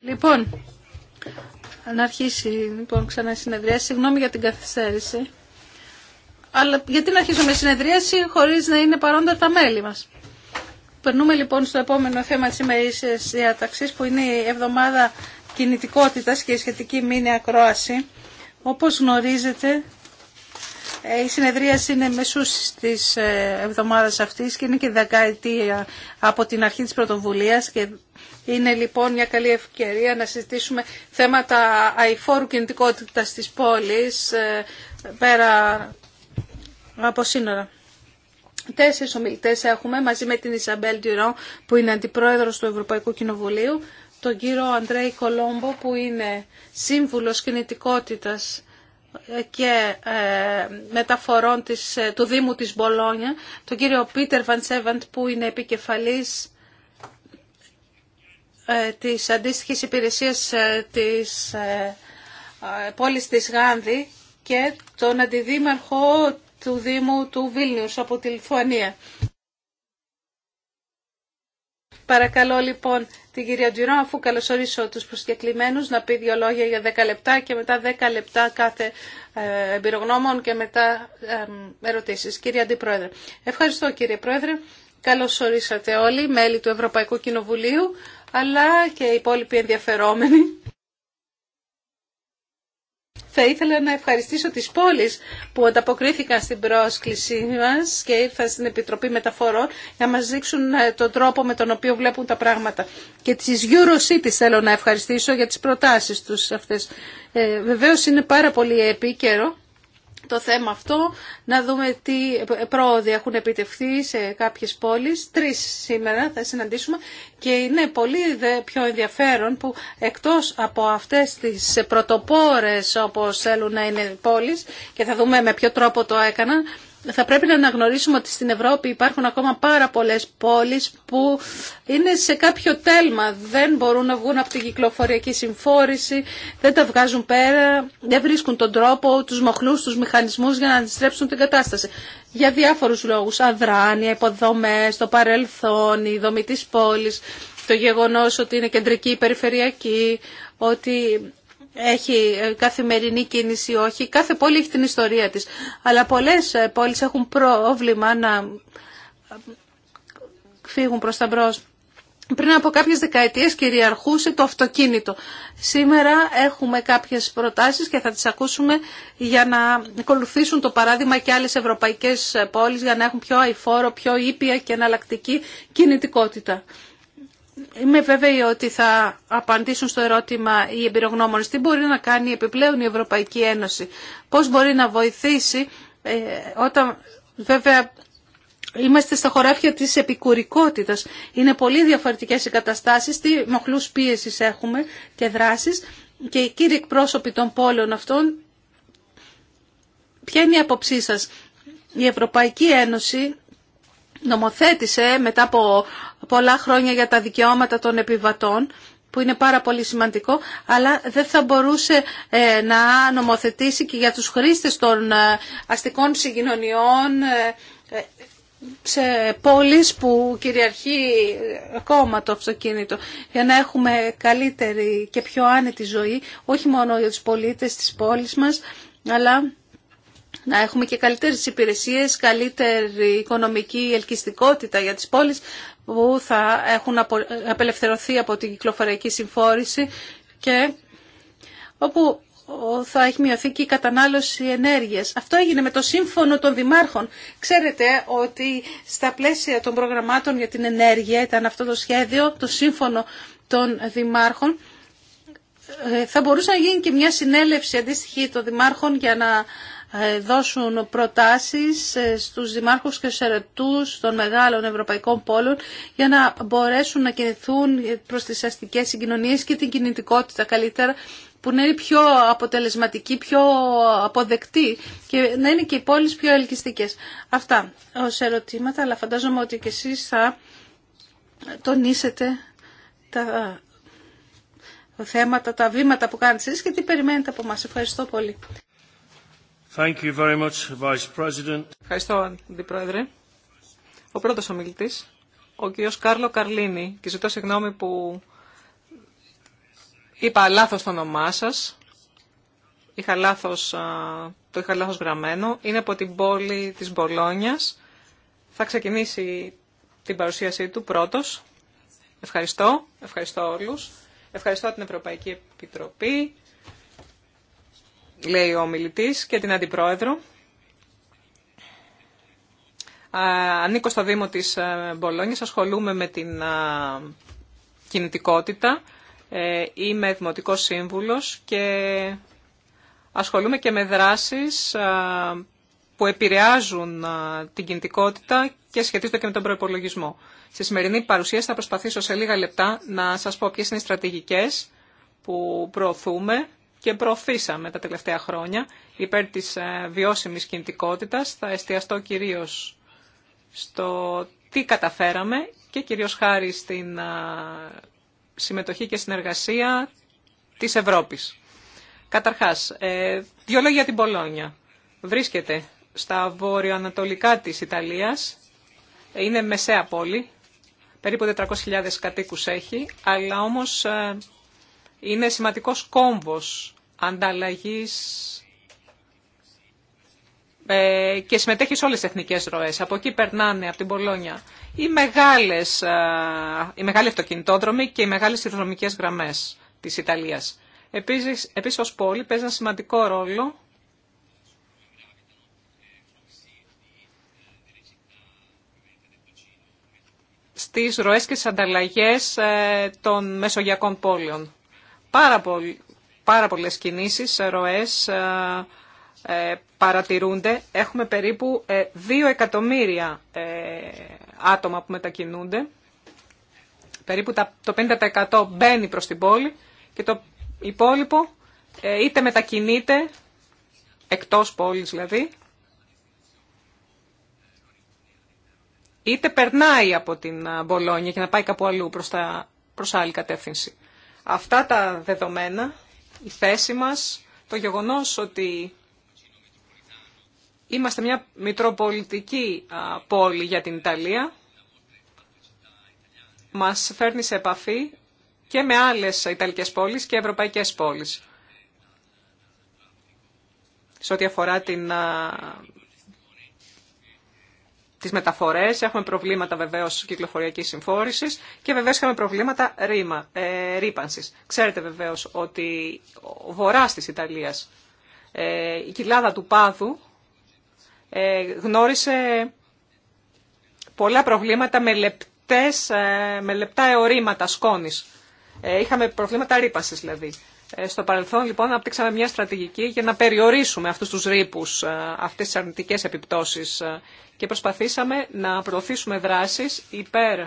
Λοιπόν, να αρχίσει λοιπόν, ξανά η συνεδρία. Συγγνώμη για την καθυστέρηση. Αλλά γιατί να αρχίσουμε συνεδρίαση χωρίς να είναι παρόντα τα μέλη μας. Περνούμε λοιπόν στο επόμενο θέμα της ημερήσιας διάταξης που είναι η εβδομάδα κινητικότητας και η σχετική μήνυα ακρόαση. Όπως γνωρίζετε ε, η συνεδρίαση είναι μεσούς της ε, εβδομάδας αυτής και είναι και δεκαετία από την αρχή της πρωτοβουλίας και είναι λοιπόν μια καλή ευκαιρία να συζητήσουμε θέματα αηφόρου κινητικότητας της πόλης ε, πέρα από σύνορα. Τέσσερις ομιλητές έχουμε μαζί με την Ισαμπέλ Τυρό που είναι αντιπρόεδρος του Ευρωπαϊκού Κοινοβουλίου, τον κύριο Αντρέη Κολόμπο που είναι σύμβουλος κινητικότητας και ε, μεταφορών της, ε, του Δήμου της Μπολόνια, τον κύριο Πίτερ Βαντσέβαντ που είναι επικεφαλής ε, της αντίστοιχης υπηρεσίας της πόλης της Γάνδη και τον αντιδήμαρχο του Δήμου του Βίλνιους από τη Λιθουανία. Παρακαλώ λοιπόν την κυρία Τζιρό, αφού καλωσορίσω τους προσκεκλημένους, να πει δύο λόγια για δέκα λεπτά και μετά δέκα λεπτά κάθε ε, εμπειρογνώμων και μετά ερωτήσεις. Κύριε Αντιπρόεδρε. Ευχαριστώ κύριε Πρόεδρε. Καλωσορίσατε όλοι, μέλη του Ευρωπαϊκού Κοινοβουλίου, αλλά και οι υπόλοιποι ενδιαφερόμενοι. Θα ήθελα να ευχαριστήσω τις πόλεις που ανταποκρίθηκαν στην πρόσκλησή μας και ήρθαν στην Επιτροπή Μεταφορών για να μας δείξουν ε, τον τρόπο με τον οποίο βλέπουν τα πράγματα. Και τις EuroCities θέλω να ευχαριστήσω για τις προτάσεις τους αυτές. Ε, βεβαίως είναι πάρα πολύ επίκαιρο το θέμα αυτό, να δούμε τι πρόοδοι έχουν επιτευχθεί σε κάποιες πόλεις. Τρεις σήμερα θα συναντήσουμε και είναι πολύ πιο ενδιαφέρον που εκτός από αυτές τις πρωτοπόρες όπως θέλουν να είναι πόλεις και θα δούμε με ποιο τρόπο το έκαναν, θα πρέπει να αναγνωρίσουμε ότι στην Ευρώπη υπάρχουν ακόμα πάρα πολλές πόλεις που είναι σε κάποιο τέλμα, δεν μπορούν να βγουν από την κυκλοφοριακή συμφόρηση, δεν τα βγάζουν πέρα, δεν βρίσκουν τον τρόπο, τους μοχλούς, τους μηχανισμούς για να αντιστρέψουν την κατάσταση. Για διάφορους λόγους, αδράνεια, υποδομές, το παρελθόν, η δομή της πόλης, το γεγονός ότι είναι κεντρική, περιφερειακή, ότι έχει ε, καθημερινή κίνηση ή όχι. Κάθε πόλη έχει την ιστορία της. Αλλά πολλές ε, πόλεις έχουν πρόβλημα να ε, φύγουν προς τα μπρος. Πριν από κάποιες δεκαετίες κυριαρχούσε το αυτοκίνητο. Σήμερα έχουμε κάποιες προτάσεις και θα τις ακούσουμε για να ακολουθήσουν το παράδειγμα και άλλες ευρωπαϊκές πόλεις για να έχουν πιο αηφόρο, πιο ήπια και εναλλακτική κινητικότητα. Είμαι βέβαιη ότι θα απαντήσουν στο ερώτημα οι εμπειρογνώμονες τι μπορεί να κάνει επιπλέον η Ευρωπαϊκή Ένωση, πώς μπορεί να βοηθήσει ε, όταν βέβαια είμαστε στα χωράφια της επικουρικότητας. Είναι πολύ διαφορετικές οι καταστάσεις, τι μοχλούς πίεσης έχουμε και δράσεις και οι κύριοι εκπρόσωποι των πόλεων αυτών, ποια είναι η άποψή σας. Η Ευρωπαϊκή Ένωση νομοθέτησε μετά από πολλά χρόνια για τα δικαιώματα των επιβατών που είναι πάρα πολύ σημαντικό, αλλά δεν θα μπορούσε ε, να νομοθετήσει και για τους χρήστες των ε, αστικών συγκοινωνιών ε, σε πόλεις που κυριαρχεί ακόμα το αυτοκίνητο για να έχουμε καλύτερη και πιο άνετη ζωή όχι μόνο για τους πολίτες της πόλης μας αλλά να έχουμε και καλύτερες υπηρεσίες, καλύτερη οικονομική ελκυστικότητα για τις πόλεις που θα έχουν απελευθερωθεί από την κυκλοφοριακή συμφόρηση και όπου θα έχει μειωθεί και η κατανάλωση ενέργειας. Αυτό έγινε με το σύμφωνο των δημάρχων. Ξέρετε ότι στα πλαίσια των προγραμμάτων για την ενέργεια ήταν αυτό το σχέδιο, το σύμφωνο των δημάρχων. Ε, θα μπορούσε να γίνει και μια συνέλευση αντίστοιχη των δημάρχων για να ε, δώσουν προτάσεις ε, στους δημάρχους και σερετούς των μεγάλων ευρωπαϊκών πόλων για να μπορέσουν να κινηθούν προς τις αστικές συγκοινωνίες και την κινητικότητα καλύτερα που να είναι πιο αποτελεσματική, πιο αποδεκτή και να είναι και οι πόλεις πιο ελκυστικές. Αυτά ως ερωτήματα, αλλά φαντάζομαι ότι και εσείς θα τονίσετε τα θέματα, τα βήματα που κάνετε εσείς και τι περιμένετε από μας. Ευχαριστώ πολύ. Thank you Ευχαριστώ, Αντιπρόεδρε. Ο πρώτος ομιλητή, ο κ. Κάρλο Καρλίνη, και ζητώ συγγνώμη που είπα λάθο το όνομά σα, Είχα το είχα λάθος γραμμένο. Είναι από την πόλη της Μπολόνιας. Θα ξεκινήσει την παρουσίασή του πρώτος. Ευχαριστώ. Ευχαριστώ όλους. Ευχαριστώ την Ευρωπαϊκή Επιτροπή λέει ο μιλητής, και την Αντιπρόεδρο. Ανήκω στο Δήμο της ε, Μπολόνιας, ασχολούμαι με την κινητικότητα. Ε, είμαι δημοτικό Σύμβουλος και ασχολούμαι και με δράσεις που επηρεάζουν την κινητικότητα και σχετίζονται και με τον προϋπολογισμό. Στη σημερινή παρουσία θα προσπαθήσω σε λίγα λεπτά να σας πω ποιες είναι οι στρατηγικές που προωθούμε και προωθήσαμε τα τελευταία χρόνια υπέρ της ε, βιώσιμης κινητικότητας. Θα εστιαστώ κυρίως στο τι καταφέραμε και κυρίως χάρη στην ε, συμμετοχή και συνεργασία της Ευρώπης. Καταρχάς, ε, δύο λόγια την Πολόνια. Βρίσκεται στα βορειοανατολικά της Ιταλίας, είναι μεσαία πόλη, περίπου 400.000 κατοίκους έχει, αλλά όμως είναι σημαντικός κόμβος ανταλλαγής ε, και συμμετέχει σε όλες τις εθνικές ροές. Από εκεί περνάνε, από την Πολόνια, οι μεγάλες, ε, οι μεγάλοι αυτοκινητόδρομοι και οι μεγάλες σιδηροδρομικές γραμμές της Ιταλίας. Επίσης, επίσης ως πόλη παίζει ένα σημαντικό ρόλο στις ροές και στις ανταλλαγές ε, των μεσογειακών πόλεων πάρα, πάρα πολλές κινήσεις, ροές ε, ε, παρατηρούνται. Έχουμε περίπου 2 ε, εκατομμύρια άτομα που μετακινούνται. Περίπου το 50% μπαίνει προς την πόλη και το υπόλοιπο είτε μετακινείται, εκτός πόλης δηλαδή, είτε περνάει από την Μπολόνια και να πάει κάπου αλλού προς, τα, προς άλλη κατεύθυνση. Αυτά τα δεδομένα, η θέση μας, το γεγονός ότι είμαστε μια μητροπολιτική πόλη για την Ιταλία, μας φέρνει σε επαφή και με άλλες Ιταλικές πόλεις και ευρωπαϊκές πόλεις σε ό,τι αφορά την τις μεταφορές, έχουμε προβλήματα βεβαίως κυκλοφοριακής συμφόρησης και βεβαίως είχαμε προβλήματα ρήμα, ε, ρήπανσης. Ξέρετε βεβαίως ότι ο βοράς της Ιταλίας, ε, η κοιλάδα του Πάδου, ε, γνώρισε πολλά προβλήματα με, λεπτές, ε, με λεπτά εωρήματα σκόνης. Ε, είχαμε προβλήματα ρήπανσης δηλαδή. Ε, στο παρελθόν, λοιπόν, απτύξαμε μια στρατηγική για να περιορίσουμε αυτούς τους ρήπους, ε, αυτές τις αρνητικές επιπτώσεις ε, και προσπαθήσαμε να προωθήσουμε δράσεις υπέρ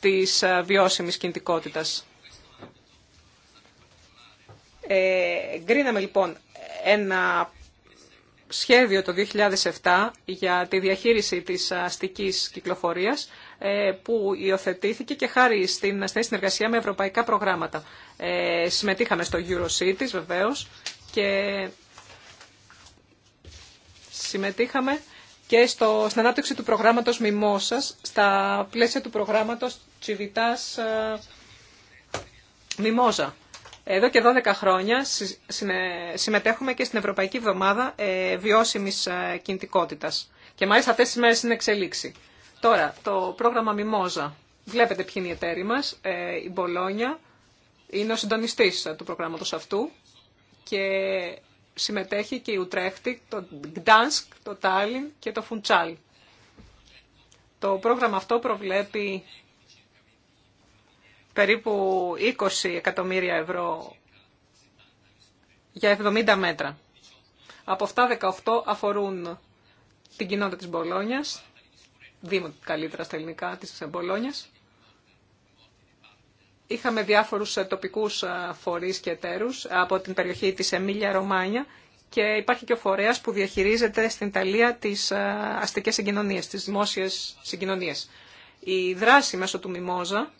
της βιώσιμης κινητικότητας. Ε, γκρίναμε, λοιπόν, ένα σχέδιο το 2007 για τη διαχείριση της αστικής κυκλοφορίας ε, που υιοθετήθηκε και χάρη στην στενή συνεργασία με ευρωπαϊκά προγράμματα. Ε, συμμετείχαμε στο EuroCities βεβαίως και συμμετείχαμε και στο, στην ανάπτυξη του προγράμματος Μιμόσας, στα πλαίσια του προγράμματος Τσιβιτάς Μιμόζα. Ε, Εδώ και 12 χρόνια συμμετέχουμε και στην Ευρωπαϊκή Βδομάδα Βιώσιμης Κινητικότητας. Και μάλιστα αυτές τις μέρες είναι εξελίξη. Τώρα, το πρόγραμμα Μιμόζα. Βλέπετε ποιοι είναι οι εταίροι μας. Ε, η Μπολόνια είναι ο συντονιστή του προγράμματο αυτού και συμμετέχει και η Ουτρέχτη, το Γκτάνσκ, το Τάλιν και το Φουντσάλ. Το πρόγραμμα αυτό προβλέπει περίπου 20 εκατομμύρια ευρώ για 70 μέτρα. Από αυτά 18 αφορούν την κοινότητα της Μπολόνιας, δήμο καλύτερα στα ελληνικά της Μπολόνιας. Είχαμε διάφορους ε, τοπικούς ε, φορείς και εταίρους ε, από την περιοχή της Εμίλια Ρωμάνια και υπάρχει και ο φορέας που διαχειρίζεται στην Ιταλία τις αστικές συγκοινωνίες, τις δημόσιες συγκοινωνίες. Η δράση μέσω του Μιμόζα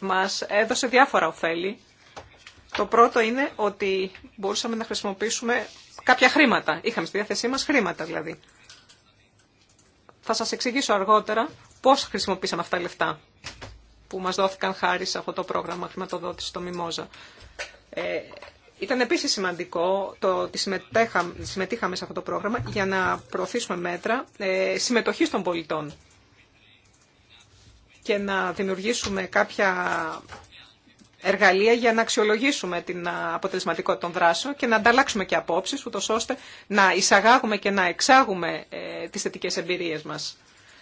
μας έδωσε διάφορα ωφέλη. Το πρώτο είναι ότι μπορούσαμε να χρησιμοποιήσουμε κάποια χρήματα. Είχαμε στη διάθεσή μας χρήματα δηλαδή. Θα σας εξηγήσω αργότερα πώς χρησιμοποίησαμε αυτά τα λεφτά που μας δόθηκαν χάρη σε αυτό το πρόγραμμα χρηματοδότηση στο Μιμόζα. Ε, ήταν επίσης σημαντικό το ότι συμμετείχαμε σε αυτό το πρόγραμμα για να προωθήσουμε μέτρα ε, συμμετοχής των πολιτών και να δημιουργήσουμε κάποια εργαλεία για να αξιολογήσουμε την αποτελεσματικότητα των δράσεων και να ανταλλάξουμε και απόψεις, ούτω ώστε να εισαγάγουμε και να εξάγουμε ε, τις θετικέ εμπειρίε μας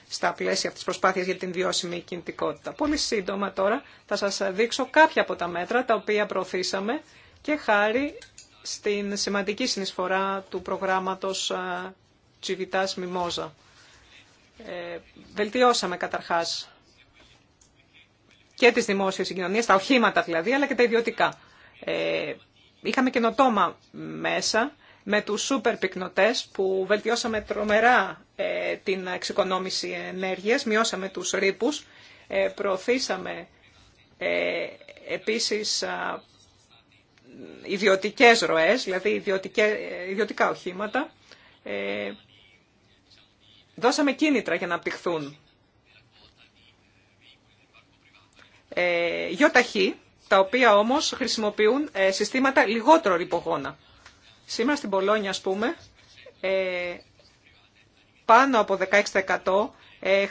στα πλαίσια αυτής της προσπάθειας για την βιώσιμη κινητικότητα. Πολύ σύντομα τώρα θα σας δείξω κάποια από τα μέτρα τα οποία προωθήσαμε και χάρη στην σημαντική συνεισφορά του προγράμματος Τσιβιτάς Μιμόζα. Ε, βελτιώσαμε καταρχάς και τις δημόσιες συγκοινωνίες, τα οχήματα δηλαδή, αλλά και τα ιδιωτικά. Ε, είχαμε καινοτόμα μέσα με τους σούπερ πυκνοτές που βελτιώσαμε τρομερά ε, την εξοικονόμηση ενέργειας, μειώσαμε τους ρήπους, ε, προωθήσαμε ε, επίσης ιδιωτικές ροές, δηλαδή ιδιωτικέ, ε, ιδιωτικά οχήματα. Ε, δώσαμε κίνητρα για να απτυχθούν Ε, γιοταχή, τα οποία όμως χρησιμοποιούν ε, συστήματα λιγότερο ρηπογόνα. Σήμερα στην Πολώνια, ας πούμε, ε, πάνω από 16% ε,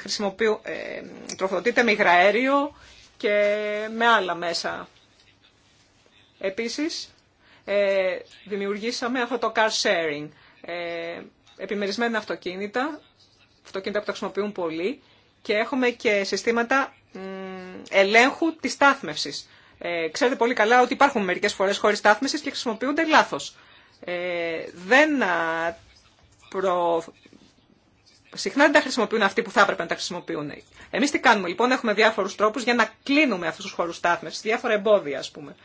τροφοδοτείται με υγραέριο και με άλλα μέσα. Επίσης, δημιουργήσαμε αυτό το car sharing, επιμερισμένα αυτοκίνητα, αυτοκίνητα που τα χρησιμοποιούν πολύ και έχουμε και συστήματα ελέγχου της στάθμευσης. Ε, ξέρετε πολύ καλά ότι υπάρχουν μερικές φορές χώρες στάθμευσης και χρησιμοποιούνται λάθος. Ε, δεν προ... Συχνά δεν τα χρησιμοποιούν αυτοί που θα έπρεπε να τα χρησιμοποιούν. Εμεί τι κάνουμε λοιπόν, έχουμε διάφορου τρόπου για να κλείνουμε αυτού του χώρου στάθμευση, διάφορα εμπόδια α πούμε,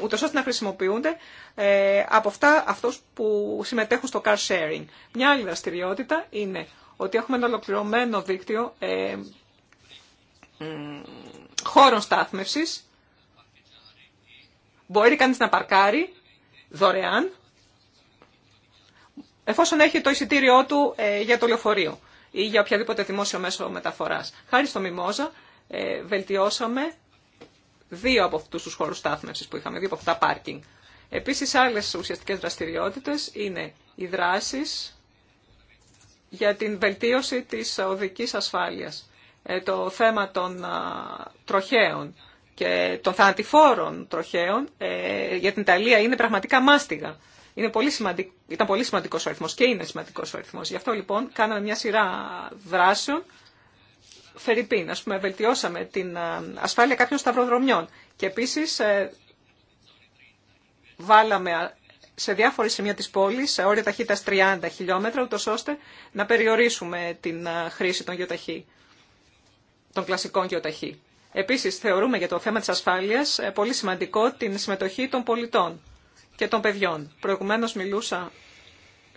ούτω ώστε να χρησιμοποιούνται ε, από αυτά αυτού που συμμετέχουν στο car sharing. Μια άλλη δραστηριότητα είναι ότι έχουμε ένα ολοκληρωμένο δίκτυο ε, χώρων στάθμευσης. Μπορεί κανείς να παρκάρει δωρεάν, εφόσον έχει το εισιτήριό του ε, για το λεωφορείο ή για οποιαδήποτε δημόσιο μέσο μεταφοράς. Χάρη στο Μιμόζα ε, βελτιώσαμε δύο από αυτούς τους χώρους στάθμευσης που είχαμε, δύο από αυτά πάρκινγκ. Επίσης άλλες ουσιαστικές δραστηριότητες είναι οι δράσεις για την βελτίωση της οδικής ασφάλειας. Ε, το θέμα των τροχαίων και των θανατηφόρων τροχαίων ε, για την Ιταλία είναι πραγματικά μάστιγα. Είναι πολύ σημαντικ... Ήταν πολύ σημαντικό ο αριθμό και είναι σημαντικό ο αριθμό. Γι' αυτό λοιπόν κάναμε μια σειρά δράσεων. Φερρυπίν, α πούμε, βελτιώσαμε την ασφάλεια κάποιων σταυροδρομιών. Και επίση ε, βάλαμε σε διάφορε σημεία τη πόλη σε όρια ταχύτητα 30 χιλιόμετρα, ούτω ώστε να περιορίσουμε την χρήση των γεωταχή των κλασικών γεωταχή. Επίσης, θεωρούμε για το θέμα της ασφάλειας ε, πολύ σημαντικό την συμμετοχή των πολιτών και των παιδιών. Προηγουμένω μιλούσα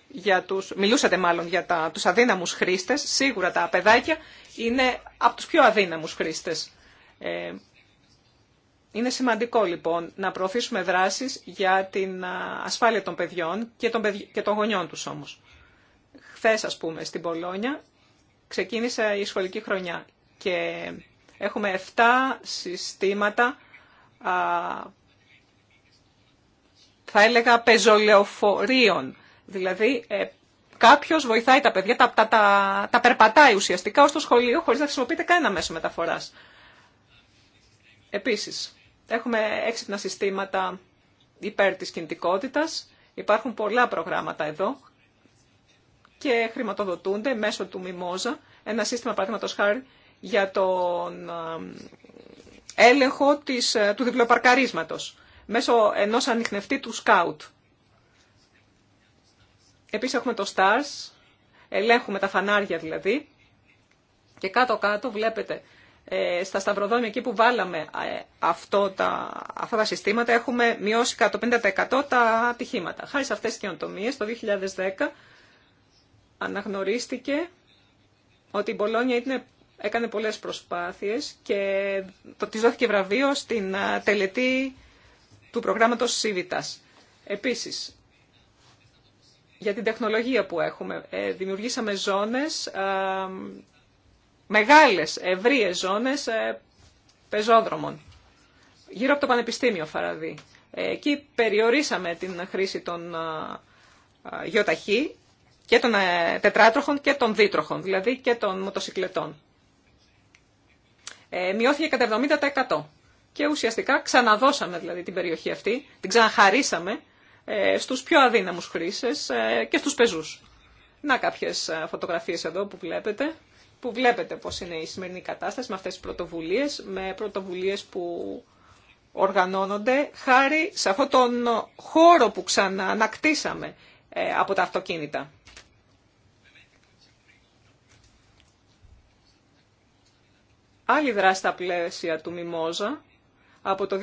για τους, μιλούσατε μάλλον για τα, τους αδύναμους χρήστες. Σίγουρα τα παιδάκια είναι από τους πιο αδύναμους χρήστες. Ε, είναι σημαντικό λοιπόν να προωθήσουμε δράσεις για την ασφάλεια των παιδιών και των, και γονιών τους όμως. Χθε, ας πούμε, στην Πολόνια ξεκίνησε η σχολική χρονιά και έχουμε 7 συστήματα, θα έλεγα, πεζολεοφορίων. Δηλαδή, ε, κάποιο βοηθάει τα παιδιά, τα, τα, τα, τα περπατάει ουσιαστικά ως το σχολείο χωρίς να χρησιμοποιείται κανένα μέσο μεταφοράς. Επίσης, έχουμε έξυπνα συστήματα υπέρ της κινητικότητα. Υπάρχουν πολλά προγράμματα εδώ και χρηματοδοτούνται μέσω του Μιμόζα. Ένα σύστημα, παραδείγματο χάρη, για τον ε, έλεγχο της, ε, του διπλοπαρκαρίσματος μέσω ενός ανοιχνευτή του Σκάουτ. Επίσης έχουμε το STARS, ελέγχουμε τα φανάρια δηλαδή και κάτω-κάτω βλέπετε ε, στα Σταυροδόνια εκεί που βάλαμε αυτό, τα, αυτά τα συστήματα έχουμε μειώσει κατά το 50% τα ατυχήματα. Χάρη σε αυτές τις καινοτομίες το 2010 αναγνωρίστηκε ότι η Μπολόνια είναι έκανε πολλές προσπάθειες και της δόθηκε βραβείο στην τελετή του προγράμματος ΣΥΒΙΤΑΣ. Επίσης, για την τεχνολογία που έχουμε, ε, δημιουργήσαμε ζώνες, μεγάλες, ευρείες ζώνες ε, πεζόδρομων, γύρω από το Πανεπιστήμιο Φαραδί. Εκεί περιορίσαμε την χρήση των γεωταχή και των ε, τετράτροχων και των δίτροχων, δηλαδή και των μοτοσυκλετών. Ε, μειώθηκε κατά 70%. Και ουσιαστικά ξαναδώσαμε δηλαδή την περιοχή αυτή, την ξαναχαρίσαμε ε, στους πιο αδύναμους χρήστες ε, και στους πεζούς. Να κάποιες φωτογραφίες εδώ που βλέπετε, που βλέπετε πώς είναι η σημερινή κατάσταση με αυτές τις πρωτοβουλίες, με πρωτοβουλίες που οργανώνονται χάρη σε αυτόν τον χώρο που ξαναανακτήσαμε από τα αυτοκίνητα. άλλη δράση στα πλαίσια του Μιμόζα. Από το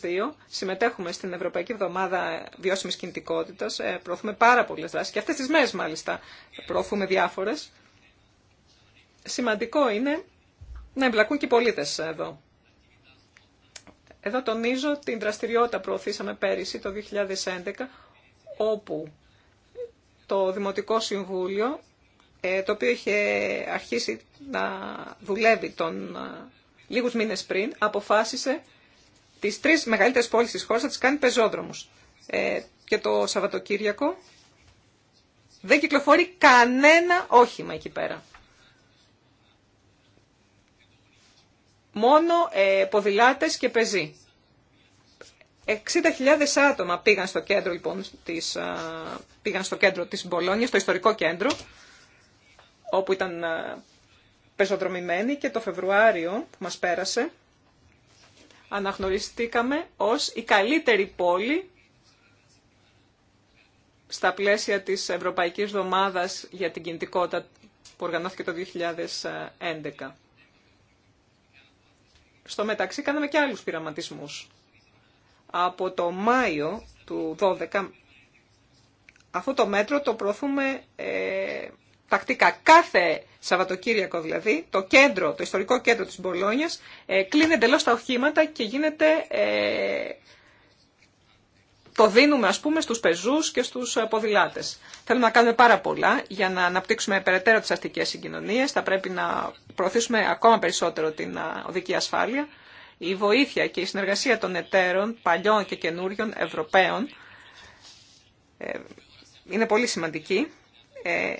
2002 συμμετέχουμε στην Ευρωπαϊκή Εβδομάδα Βιώσιμης Κινητικότητας, ε, προωθούμε πάρα πολλές δράσεις και αυτές τις μέρες μάλιστα προωθούμε διάφορες. Σημαντικό είναι να εμπλακούν και οι πολίτες εδώ. Εδώ τονίζω την δραστηριότητα προωθήσαμε πέρυσι το 2011, όπου το Δημοτικό Συμβούλιο ε, το οποίο είχε αρχίσει να δουλεύει τον, λίγους μήνες πριν, αποφάσισε τις τρεις μεγαλύτερες πόλεις της χώρας να τις κάνει πεζόδρομους. Ε, και το Σαββατοκύριακο δεν κυκλοφορεί κανένα όχημα εκεί πέρα. Μόνο ε, ποδηλάτες και πεζοί. 60.000 άτομα πήγαν στο κέντρο, λοιπόν, της, πήγαν στο κέντρο της Μπολόνια, στο ιστορικό κέντρο, όπου ήταν ε, πεζοδρομημένοι και το Φεβρουάριο που μας πέρασε αναγνωριστήκαμε ως η καλύτερη πόλη στα πλαίσια της Ευρωπαϊκής Δομάδας για την Κινητικότητα που οργανώθηκε το 2011. Στο μεταξύ κάναμε και άλλους πειραματισμούς. Από το Μάιο του 2012 αυτό το μέτρο το προωθούμε ε, τακτικά κάθε Σαββατοκύριακο δηλαδή, το κέντρο, το ιστορικό κέντρο της Μπολόνιας ε, κλείνει εντελώ τα οχήματα και γίνεται, ε, το δίνουμε ας πούμε στους πεζούς και στους ε, ποδηλάτες. Θέλουμε να κάνουμε πάρα πολλά για να αναπτύξουμε περαιτέρω τις αστικές συγκοινωνίες, θα πρέπει να προωθήσουμε ακόμα περισσότερο την οδική ασφάλεια. Η βοήθεια και η συνεργασία των εταίρων, παλιών και καινούριων, Ευρωπαίων, ε, είναι πολύ σημαντική. Ε,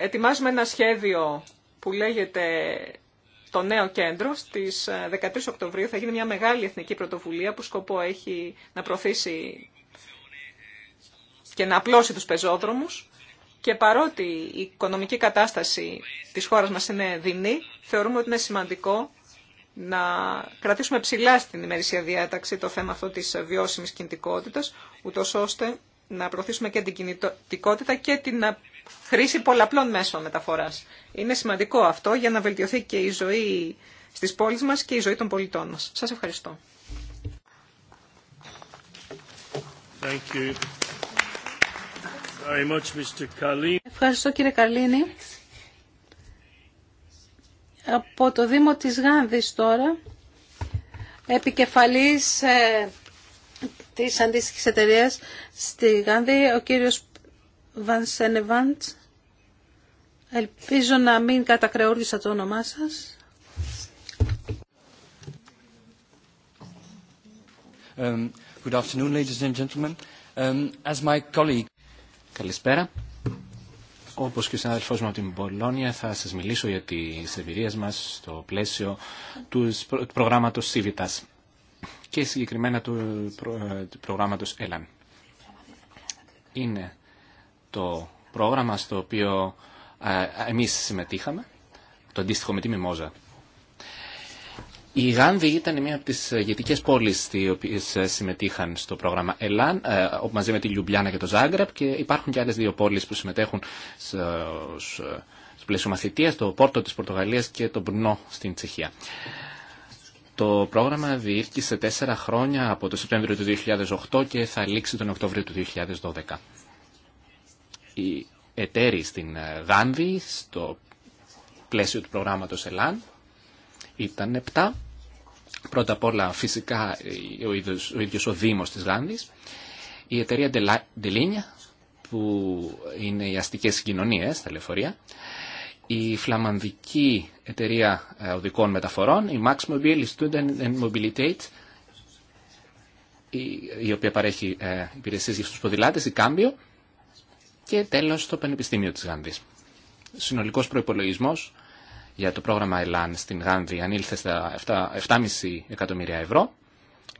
ετοιμάζουμε ένα σχέδιο που λέγεται το νέο κέντρο. Στις 13 ε, Οκτωβρίου θα γίνει μια μεγάλη εθνική πρωτοβουλία που σκοπό έχει να προωθήσει και να απλώσει τους πεζόδρομους. Και παρότι η οικονομική κατάσταση της χώρας μας είναι δεινή, θεωρούμε ότι είναι σημαντικό να κρατήσουμε ψηλά στην ημερησία διάταξη το θέμα αυτό της βιώσιμης κινητικότητας, ούτως ώστε να προωθήσουμε και την κινητικότητα και την χρήση πολλαπλών μέσων μεταφοράς. Είναι σημαντικό αυτό για να βελτιωθεί και η ζωή στις πόλεις μας και η ζωή των πολιτών μας. Σας ευχαριστώ. Thank you. Very Ευχαριστώ κύριε Καλίνη. Από το Δήμο της Γάνδης τώρα, επικεφαλής ε, της αντίστοιχης εταιρείας στη Γάνδη, ο κύριος Βανσενεβάντ. Ελπίζω να μην κατακρεώρησα το όνομά σας. Um, good afternoon, ladies and gentlemen. Um, as my colleague... Καλησπέρα. Όπως και ο συνάδελφός μου από την Πολώνια θα σας μιλήσω για τις εμπειρίες μας στο πλαίσιο του προγράμματος Civitas και συγκεκριμένα του ε, προγράμματος ΕΛΑΝ. Είναι το πρόγραμμα στο οποίο ε, εμείς συμμετείχαμε, το αντίστοιχο με τη Μιμόζα. Η Γάνδη ήταν μία από τις γετικές πόλεις στις οποίες ε, συμμετείχαν στο πρόγραμμα ΕΛΑΝ, ε, μαζί με τη Λιουμπλιάνα και το Ζάγκραπ και υπάρχουν και άλλες δύο πόλεις που συμμετέχουν στο πλαίσιο μαθητείας, το Πόρτο της Πορτογαλίας και το Μπρνό στην Τσεχία. Το πρόγραμμα διήρκησε τέσσερα χρόνια από το Σεπτέμβριο του 2008 και θα λήξει τον Οκτώβριο του 2012 η εταίροι στην Γάνδη, ε, στο πλαίσιο του προγράμματος ΕΛΑΝ, ήταν 7. Πρώτα απ' όλα φυσικά ε, ο ίδιος ο, ίδιος ο Δήμος της Γάνδης, η εταιρεία Ντελίνια, που είναι οι αστικές συγκοινωνίες, τα λεωφορεία, η φλαμανδική εταιρεία ε, οδικών μεταφορών, η Maxmobile, η Student and Mobilitate, η, οποία παρέχει υπηρεσίες για τους ποδηλάτες, η Κάμπιο και τέλος το Πανεπιστήμιο της Γάνδης. Συνολικός προϋπολογισμός για το πρόγραμμα ΕΛΑΝ στην Γάνδη ανήλθε στα 7,5 εκατομμύρια ευρώ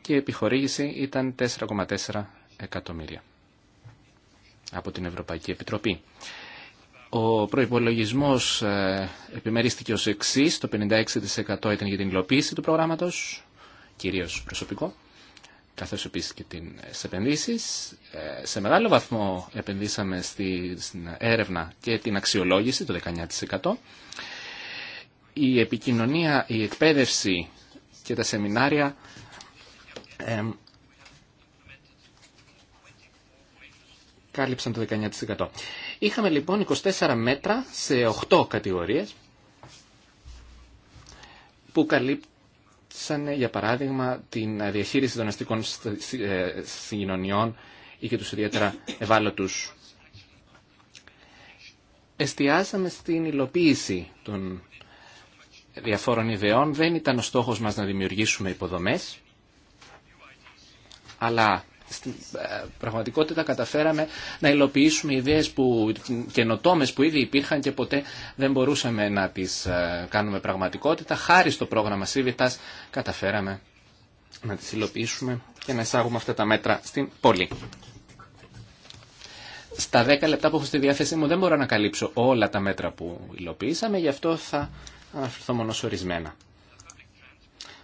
και η επιχορήγηση ήταν 4,4 εκατομμύρια από την Ευρωπαϊκή Επιτροπή. Ο προϋπολογισμός ε, επιμερίστηκε ως εξής, το 56% ήταν για την υλοποίηση του προγράμματος, κυρίως προσωπικό, καθώς επίσης και τις επενδύσεις. Ε, σε μεγάλο βαθμό επενδύσαμε στην έρευνα και την αξιολόγηση, το 19%. Η επικοινωνία, η εκπαίδευση και τα σεμινάρια ε, κάλυψαν το 19%. Είχαμε λοιπόν 24 μέτρα σε 8 κατηγορίες που καλύπτουν σαν για παράδειγμα την διαχείριση των αστικών ε, συγκοινωνιών ή και τους ιδιαίτερα ευάλωτους. Εστιάσαμε στην υλοποίηση των διαφόρων ιδεών. Δεν ήταν ο στόχος μας να δημιουργήσουμε υποδομές, αλλά στην ε, πραγματικότητα καταφέραμε να υλοποιήσουμε ιδέες που, καινοτόμες που ήδη υπήρχαν και ποτέ δεν μπορούσαμε να τις ε, κάνουμε πραγματικότητα. Χάρη στο πρόγραμμα Civitas καταφέραμε να τις υλοποιήσουμε και να εισάγουμε αυτά τα μέτρα στην πόλη. Στα 10 λεπτά που έχω στη διάθεσή μου δεν μπορώ να καλύψω όλα τα μέτρα που υλοποιήσαμε, γι' αυτό θα αναφερθώ μόνο ορισμένα.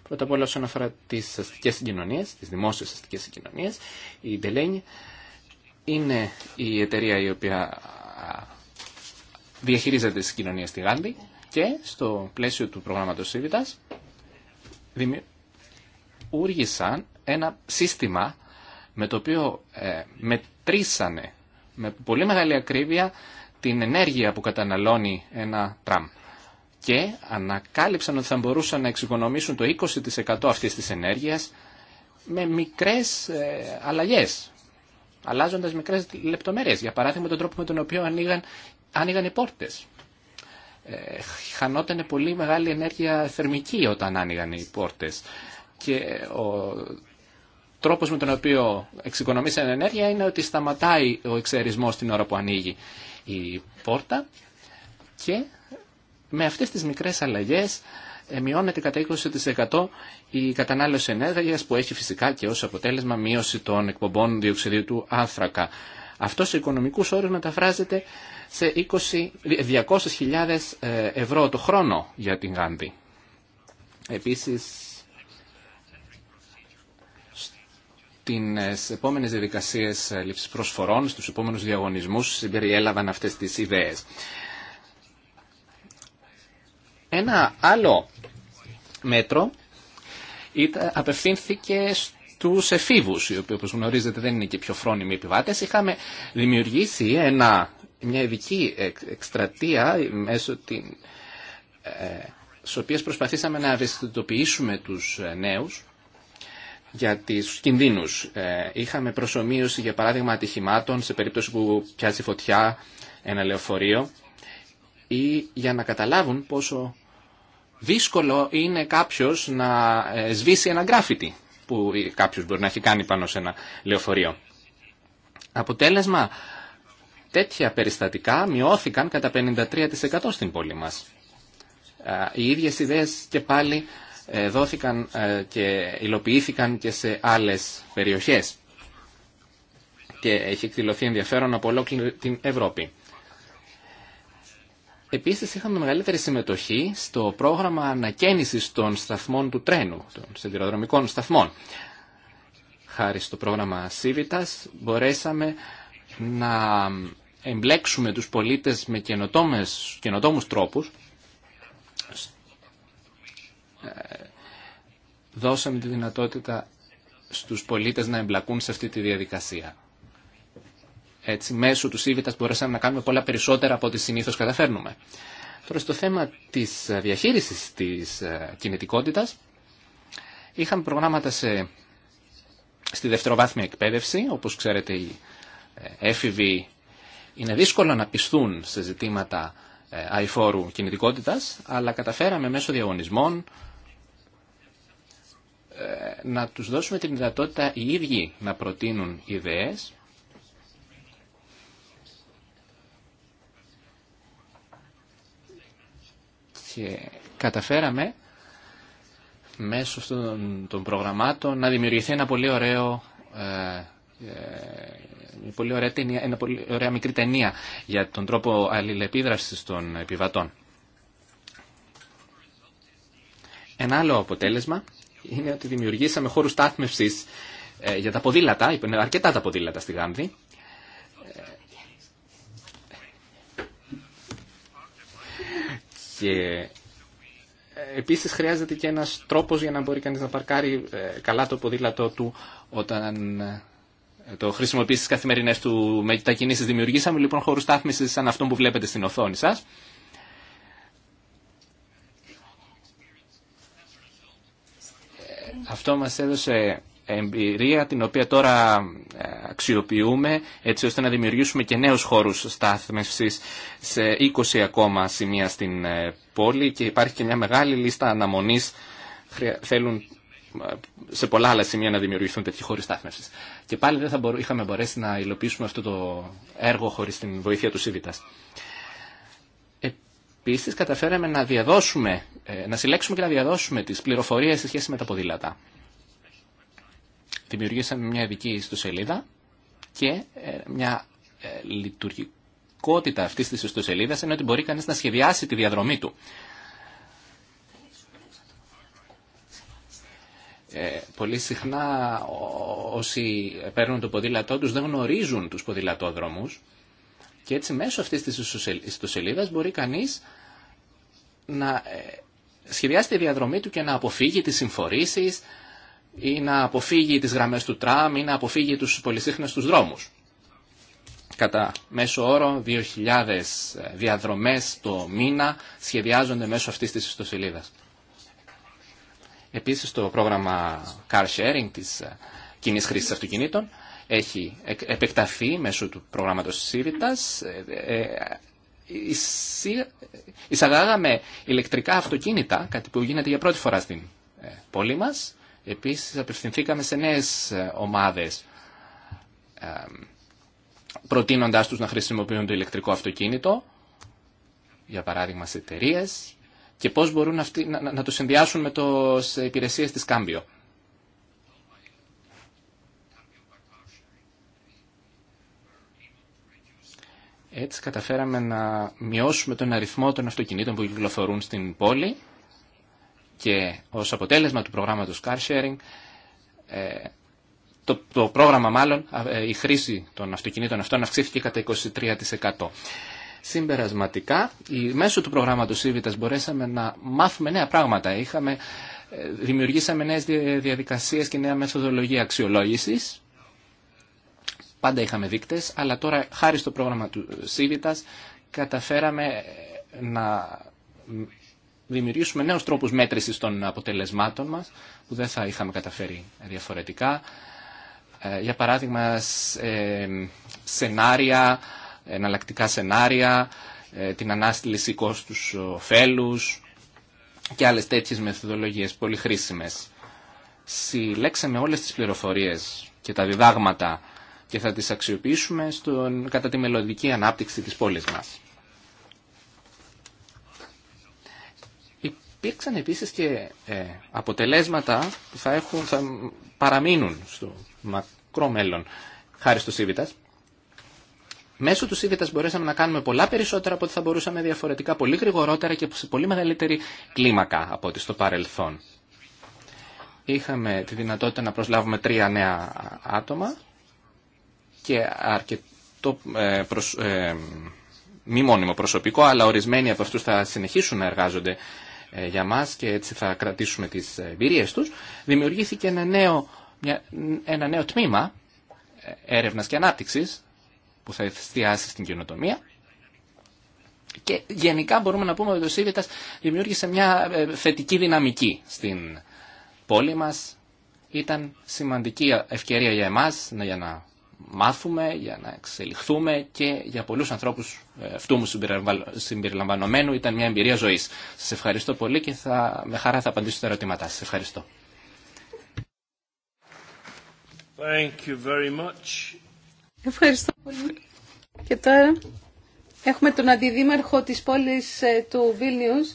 Πρώτα απ' όλα όσον αφορά τι αστικέ συγκοινωνίε, τι δημόσιε αστικέ συγκοινωνίε, η Delaney είναι η εταιρεία η οποία διαχειρίζεται τι συγκοινωνίε στη Γάνδη και στο πλαίσιο του προγράμματος Σύβητας δημιούργησαν ένα σύστημα με το οποίο ε, μετρήσανε με πολύ μεγάλη ακρίβεια την ενέργεια που καταναλώνει ένα τραμ και ανακάλυψαν ότι θα μπορούσαν να εξοικονομήσουν το 20% αυτής της ενέργειας με μικρές ε, αλλαγές, αλλάζοντας μικρές λεπτομέρειες. Για παράδειγμα τον τρόπο με τον οποίο ανοίγαν, άνοιγαν οι πόρτες. Ε, χανόταν πολύ μεγάλη ενέργεια θερμική όταν άνοιγαν οι πόρτες. Και ο τρόπος με τον οποίο εξοικονομήσαν ενέργεια είναι ότι σταματάει ο εξαιρισμός την ώρα που ανοίγει η πόρτα και με αυτές τις μικρές αλλαγές ε, μειώνεται κατά 20% η κατανάλωση ενέργειας που έχει φυσικά και ως αποτέλεσμα μείωση των εκπομπών διοξιδίου του άνθρακα. Αυτό σε οικονομικούς όρους μεταφράζεται σε 200.000 ε, ευρώ το χρόνο για την Γάνδη. Επίσης, ε, στις επόμενες διαδικασίες λήψης προσφορών, στους επόμενους διαγωνισμούς συμπεριέλαβαν αυτές τις ιδέες. Ένα άλλο μέτρο απευθύνθηκε στους εφήβους, οι οποίοι όπως γνωρίζετε δεν είναι και πιο φρόνιμοι επιβάτες. Είχαμε δημιουργήσει ένα, μια ειδική εκστρατεία μέσω την, ε, προσπαθήσαμε να ευαισθητοποιήσουμε τους ε, νέους για τις κινδύνους. Ε, είχαμε προσωμείωση για παράδειγμα ατυχημάτων σε περίπτωση που πιάσει φωτιά ένα λεωφορείο ή για να καταλάβουν πόσο Δύσκολο είναι κάποιο να ε, σβήσει ένα γκράφιτι που κάποιο μπορεί να έχει κάνει πάνω σε ένα λεωφορείο. Αποτέλεσμα, τέτοια περιστατικά μειώθηκαν κατά 53% στην πόλη μας. Οι ίδιες ιδέες και πάλι ε, δόθηκαν ε, και υλοποιήθηκαν και σε άλλες περιοχές και έχει εκδηλωθεί ενδιαφέρον από ολόκληρη την Ευρώπη. Επίσης είχαμε μεγαλύτερη συμμετοχή στο πρόγραμμα ανακαίνησης των σταθμών του τρένου, των σιδηροδρομικών σταθμών. Χάρη στο πρόγραμμα Civitas μπορέσαμε να εμπλέξουμε τους πολίτες με καινοτόμους τρόπους. Δώσαμε τη δυνατότητα στους πολίτες να εμπλακούν σε αυτή τη διαδικασία. Έτσι, μέσω του Civitas μπορέσαμε να κάνουμε πολλά περισσότερα από ό,τι συνήθω καταφέρνουμε. Τώρα στο θέμα της ε, διαχείριση της ε, κινητικότητας, είχαμε προγράμματα σε, στη δευτεροβάθμια εκπαίδευση, όπως ξέρετε οι ε, έφηβοι είναι δύσκολο να πιστούν σε ζητήματα αηφόρου κινητικότητας, αλλά καταφέραμε μέσω διαγωνισμών να τους δώσουμε την δυνατότητα οι ίδιοι να προτείνουν ιδέες και καταφέραμε μέσω των προγραμμάτων να δημιουργηθεί ένα πολύ ωραίο μια ε, ε, πολύ ωραία, πολύ ωραία μικρή ταινία για τον τρόπο αλληλεπίδρασης των επιβατών. Ένα άλλο αποτέλεσμα είναι ότι δημιουργήσαμε χώρους στάθμευσης ε, για τα ποδήλατα, είναι αρκετά τα ποδήλατα στη Γάνδη, Και ε, επίσης χρειάζεται και ένας τρόπος για να μπορεί κανείς να παρκάρει ε, καλά το ποδήλατό του όταν ε, το χρησιμοποιήσει στις καθημερινές του μετακινήσεις. Δημιουργήσαμε λοιπόν χώρου στάθμισης σαν αυτό που βλέπετε στην οθόνη σας. Αυτό μας έδωσε εμπειρία την οποία τώρα ε, αξιοποιούμε έτσι ώστε να δημιουργήσουμε και νέους χώρους στάθμευσης σε 20 ακόμα σημεία στην ε, πόλη και υπάρχει και μια μεγάλη λίστα αναμονής θέλουν ε, σε πολλά άλλα σημεία να δημιουργηθούν τέτοιοι χώροι στάθμευσης. Και πάλι δεν θα είχαμε μπορέσει να υλοποιήσουμε αυτό το έργο χωρί την βοήθεια του ΣΥΒΙΤΑΣ Επίση, καταφέραμε να διαδώσουμε, να συλλέξουμε και να διαδώσουμε τι πληροφορίε σε σχέση με τα ποδήλατα δημιουργήσαμε μια ειδική ιστοσελίδα και ε, μια ε, λειτουργικότητα αυτή τη ιστοσελίδα είναι ότι μπορεί κανείς να σχεδιάσει τη διαδρομή του. Ε, πολύ συχνά όσοι παίρνουν το ποδήλατό τους δεν γνωρίζουν τους ποδηλατόδρομους και έτσι μέσω αυτής της ιστοσελίδας μπορεί κανείς να ε, σχεδιάσει τη διαδρομή του και να αποφύγει τις συμφορήσεις, ή να αποφύγει τις γραμμές του τραμ ή να αποφύγει τους πολυσύχνες τους δρόμους. Κατά μέσο όρο 2.000 ε, διαδρομές το μήνα σχεδιάζονται μέσω αυτής της ιστοσελίδα. Επίσης το πρόγραμμα car sharing της ε, κοινή χρήση αυτοκινήτων έχει επεκταθεί μέσω του προγράμματος Σίβητας. Ε, εισαγάγαμε ηλεκτρικά αυτοκίνητα, κάτι που γίνεται για πρώτη φορά στην πόλη μας. Επίσης απευθυνθήκαμε σε νέες ε, ομάδες προτείνοντάς τους να χρησιμοποιούν το ηλεκτρικό αυτοκίνητο, για παράδειγμα σε εταιρείε, και πώς μπορούν αυτοί να, να το συνδυάσουν με το, σε υπηρεσίες της Κάμπιο. Έτσι καταφέραμε να μειώσουμε τον αριθμό των αυτοκινήτων που κυκλοφορούν στην πόλη και ως αποτέλεσμα του προγράμματος car sharing ε, το, το πρόγραμμα μάλλον ε, η χρήση των αυτοκινήτων αυτών αυξήθηκε κατά 23%. Συμπερασματικά, μέσω του προγράμματος Civitas μπορέσαμε να μάθουμε νέα πράγματα. Είχαμε, ε, δημιουργήσαμε νέες διαδικασίες και νέα μεθοδολογία αξιολόγησης. Πάντα είχαμε δείκτες, αλλά τώρα χάρη στο πρόγραμμα του Civitas καταφέραμε να δημιουργήσουμε νέους τρόπους μέτρησης των αποτελεσμάτων μας που δεν θα είχαμε καταφέρει διαφορετικά. Ε, για παράδειγμα, ε, σενάρια, εναλλακτικά σενάρια, ε, την ανάστηληση κόστους φέλους και άλλες τέτοιες μεθοδολογίες πολύ χρήσιμες. Συλλέξαμε όλες τις πληροφορίες και τα διδάγματα και θα τις αξιοποιήσουμε στον, κατά τη μελλοντική ανάπτυξη της πόλης μας. υπήρξαν επίσης και ε, αποτελέσματα που θα, έχουν, θα παραμείνουν στο μακρό μέλλον χάρη στο Σίβητας. Μέσω του Σίβητας μπορέσαμε να κάνουμε πολλά περισσότερα από ό,τι θα μπορούσαμε διαφορετικά, πολύ γρηγορότερα και σε πολύ μεγαλύτερη κλίμακα από ό,τι στο παρελθόν. Είχαμε τη δυνατότητα να προσλάβουμε τρία νέα άτομα και αρκετό ε, ε, μη μόνιμο προσωπικό, αλλά ορισμένοι από αυτούς θα συνεχίσουν να εργάζονται ε, για μας και έτσι θα κρατήσουμε τις ε, εμπειρίες τους, δημιουργήθηκε ένα νέο, μια, ένα νέο τμήμα ε, έρευνας και ανάπτυξης που θα εστιάσει στην καινοτομία και γενικά μπορούμε να πούμε ότι ο Σίβητας δημιούργησε μια θετική δυναμική στην πόλη μας. Ήταν σημαντική ευκαιρία για εμάς για να μάθουμε, για να εξελιχθούμε και για πολλούς ανθρώπους ε, αυτού μου συμπεριλαμβανομένου ήταν μια εμπειρία ζωής. Σας ευχαριστώ πολύ και θα, με χαρά θα απαντήσω στα ερωτήματά σας. Ευχαριστώ. Thank you very much. Ευχαριστώ πολύ. Και τώρα έχουμε τον αντιδήμαρχο της πόλης ε, του Βίλνιους.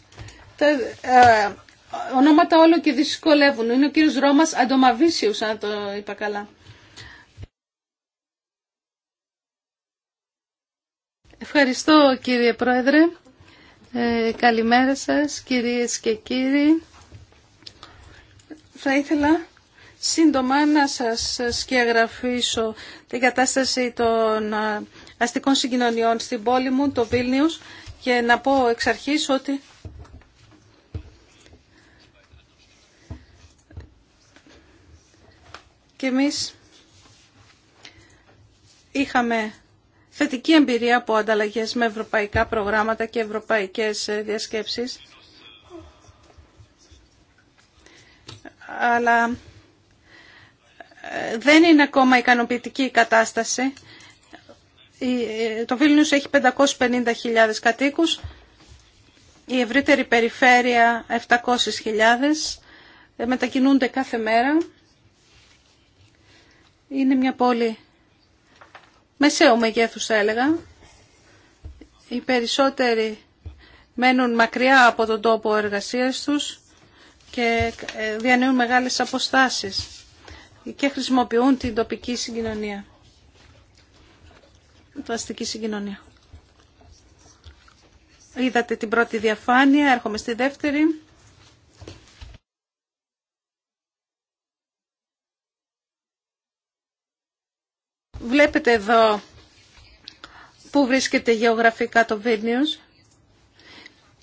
Τα ε, ονόματα όλο και δυσκολεύουν. Είναι ο κύριος Ρώμας Αντομαβίσιους, αν το είπα καλά. Ευχαριστώ κύριε Πρόεδρε. Ε, καλημέρα σας κυρίες και κύριοι. Θα ήθελα σύντομα να σας σκιαγραφίσω την κατάσταση των ε, αστικών συγκοινωνιών στην πόλη μου, το Βίλνιους, και να πω εξ αρχής ότι και εμείς είχαμε θετική εμπειρία από ανταλλαγές με ευρωπαϊκά προγράμματα και ευρωπαϊκές ε, διασκέψεις. Αλλά ε, δεν είναι ακόμα ικανοποιητική η κατάσταση. Ε, το Βίλνιους έχει 550.000 κατοίκους, η ευρύτερη περιφέρεια 700.000, μετακινούνται κάθε μέρα. Είναι μια πόλη μεσαίου μεγέθους θα έλεγα. Οι περισσότεροι μένουν μακριά από τον τόπο εργασίας τους και ε, διανύουν μεγάλες αποστάσεις και χρησιμοποιούν την τοπική συγκοινωνία, την αστική συγκοινωνία. Είδατε την πρώτη διαφάνεια, έρχομαι στη δεύτερη. Βλέπετε εδώ που βρίσκεται γεωγραφικά το Βίλνιους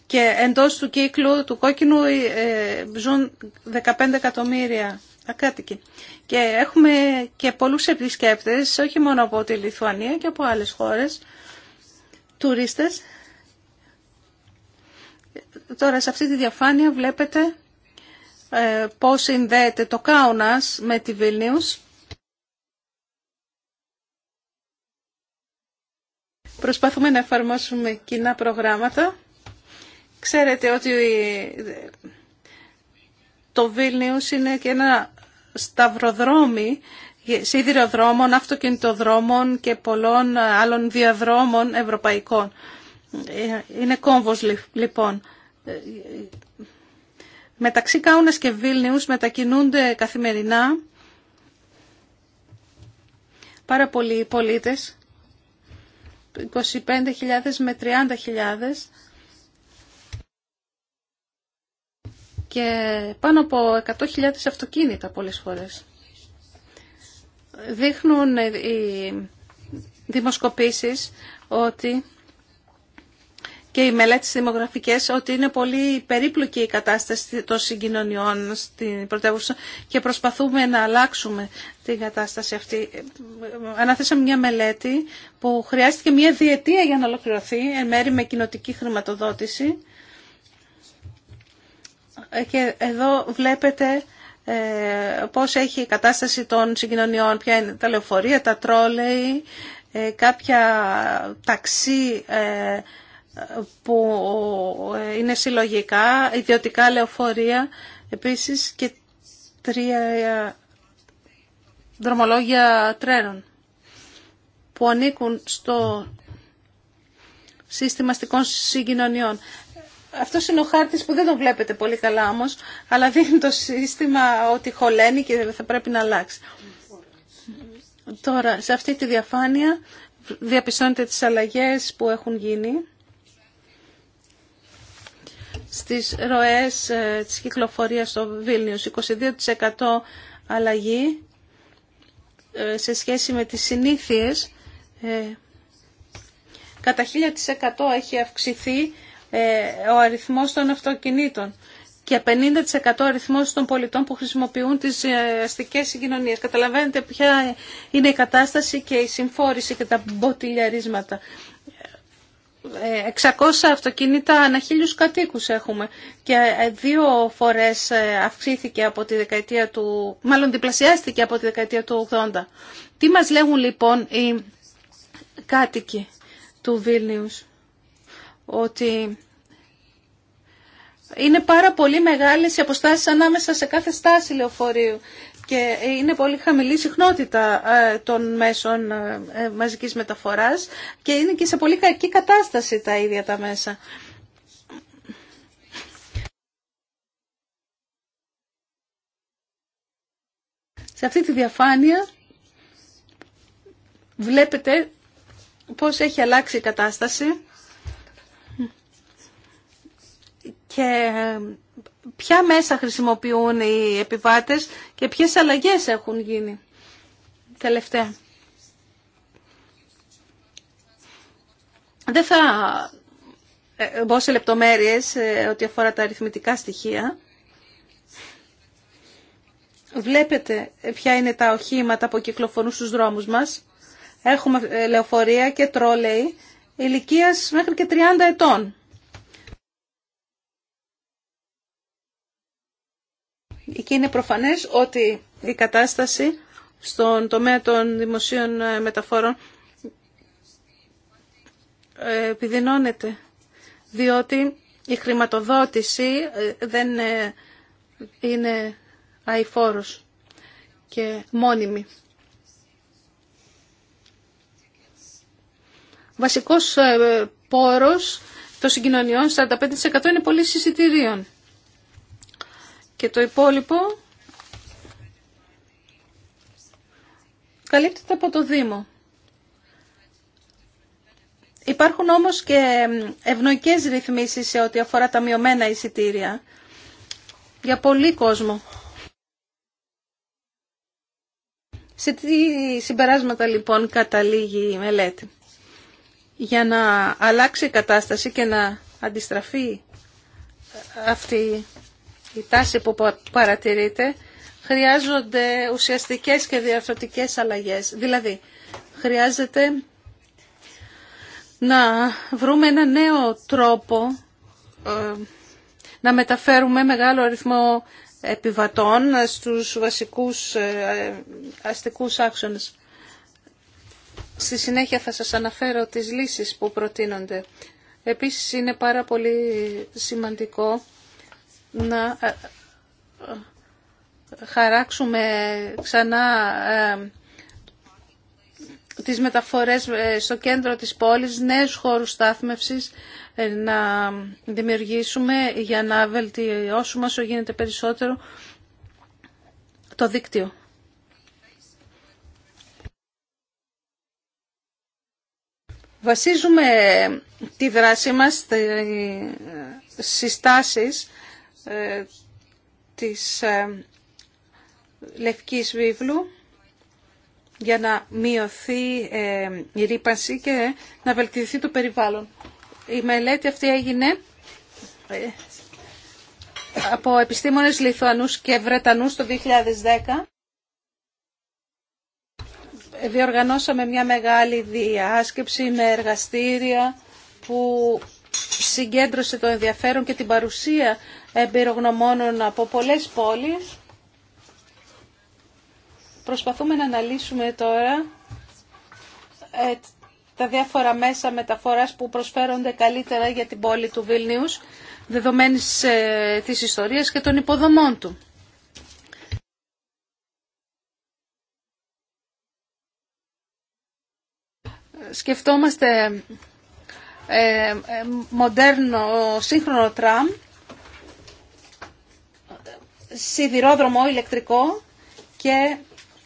και εντός του κύκλου του κόκκινου ε, ζουν 15 εκατομμύρια ακάτοικοι. Και έχουμε και πολλούς επισκέπτες, όχι μόνο από τη Λιθουανία και από άλλες χώρες, τουρίστες. Τώρα σε αυτή τη διαφάνεια βλέπετε ε, πώς συνδέεται το Κάουνας με τη Βίλνιους Προσπαθούμε να εφαρμόσουμε κοινά προγράμματα. Ξέρετε ότι το Βίλνιους είναι και ένα σταυροδρόμι σιδηροδρόμων, αυτοκινητοδρόμων και πολλών άλλων διαδρόμων ευρωπαϊκών. Είναι κόμβος λοιπόν. Μεταξύ Κάουνας και Βίλνιους μετακινούνται καθημερινά πάρα πολλοί πολίτες 25.000 με 30.000 και πάνω από 100.000 αυτοκίνητα πολλές φορές. Δείχνουν οι δημοσκοπήσεις ότι και οι μελέτες δημογραφικές ότι είναι πολύ περίπλοκη η κατάσταση των συγκοινωνιών στην πρωτεύουσα και προσπαθούμε να αλλάξουμε την κατάσταση αυτή. Αναθέσαμε μια μελέτη που χρειάστηκε μια διετία για να ολοκληρωθεί, εν μέρη με κοινοτική χρηματοδότηση. Και εδώ βλέπετε ε, πώς έχει η κατάσταση των συγκοινωνιών, ποια είναι τα λεωφορεία, τα τρόλεϊ, ε, κάποια ταξί ε, που είναι συλλογικά, ιδιωτικά λεωφορεία επίσης και τρία δρομολόγια τρένων που ανήκουν στο σύστημα αστικών συγκοινωνιών. Αυτό είναι ο χάρτης που δεν τον βλέπετε πολύ καλά όμω, αλλά δείχνει το σύστημα ότι χωλαίνει και θα πρέπει να αλλάξει. Τώρα, σε αυτή τη διαφάνεια διαπιστώνετε τις αλλαγές που έχουν γίνει στις ροές ε, της κυκλοφορίας στο Βίλνιους. 22% αλλαγή ε, σε σχέση με τις συνήθειες ε, κατά 1000% έχει αυξηθεί ε, ο αριθμός των αυτοκινήτων και 50% αριθμός των πολιτών που χρησιμοποιούν τις αστικές συγκοινωνίες. Καταλαβαίνετε ποια είναι η κατάσταση και η συμφόρηση και τα μποτιλιαρίσματα. 600 ε, αυτοκίνητα ανά χίλιους κατοίκους έχουμε και ε, δύο φορές ε, αυξήθηκε από τη δεκαετία του, μάλλον διπλασιάστηκε από τη δεκαετία του 80. Τι μας λέγουν λοιπόν οι κάτοικοι του Βίλνιους, ότι είναι πάρα πολύ μεγάλες οι αποστάσεις ανάμεσα σε κάθε στάση λεωφορείου και είναι πολύ χαμηλή συχνότητα ε, των μέσων ε, ε, μαζικής μεταφοράς και είναι και σε πολύ κακή κατάσταση τα ίδια τα μέσα. Σε αυτή τη διαφάνεια βλέπετε πώς έχει αλλάξει η κατάσταση και ποια μέσα χρησιμοποιούν οι επιβάτες και ποιες αλλαγές έχουν γίνει τελευταία. Δεν θα ε, μπω σε λεπτομέρειες ε, ό,τι αφορά τα αριθμητικά στοιχεία. Βλέπετε ποια είναι τα οχήματα που κυκλοφορούν στους δρόμους μας. Έχουμε ε, λεωφορεία και τρόλεϊ ηλικίας μέχρι και 30 ετών. Εκεί είναι προφανές ότι η κατάσταση στον τομέα των δημοσίων ε, μεταφόρων ε, επιδεινώνεται, διότι η χρηματοδότηση ε, δεν είναι αηφόρος και μόνιμη. Βασικός πόρος των συγκοινωνιών, 45% είναι πωλήσει συζητηρίων. Και το υπόλοιπο καλύπτεται από το Δήμο. Υπάρχουν όμως και ευνοϊκές ρυθμίσεις σε ό,τι αφορά τα μειωμένα εισιτήρια για πολύ κόσμο. Σε τι συμπεράσματα λοιπόν καταλήγει η μελέτη. Για να αλλάξει η κατάσταση και να αντιστραφεί αυτή η τάση που παρατηρείται, χρειάζονται ουσιαστικές και διαρθρωτικές αλλαγές. Δηλαδή, χρειάζεται να βρούμε ένα νέο τρόπο ε, να μεταφέρουμε μεγάλο αριθμό επιβατών στους βασικούς ε, αστικούς άξονες. Στη συνέχεια θα σας αναφέρω τις λύσεις που προτείνονται. Επίσης είναι πάρα πολύ σημαντικό να ε, ε, χαράξουμε ξανά ε, τις μεταφορές στο κέντρο της πόλης, νέους χώρους στάθμευσης να δημιουργήσουμε για να βελτιώσουμε όσο γίνεται περισσότερο το δίκτυο. Βασίζουμε τη δράση μας στις συστάσεις ε, της ε, Λευκής Βίβλου για να μειωθεί ε, η ρήπανση και να βελτιωθεί το περιβάλλον. Η μελέτη αυτή έγινε από επιστήμονες Λιθουανούς και Βρετανούς το 2010. Διοργανώσαμε μια μεγάλη διάσκεψη με εργαστήρια που συγκέντρωσε το ενδιαφέρον και την παρουσία εμπειρογνωμόνων από πολλές πόλεις. Προσπαθούμε να αναλύσουμε τώρα ε, τα διάφορα μέσα μεταφοράς που προσφέρονται καλύτερα για την πόλη του Βίλνιους, δεδομένης ε, της ιστορίας και των υποδομών του. Σκεφτόμαστε ε, μοντέρνο σύγχρονο τραμ σιδηρόδρομο ηλεκτρικό και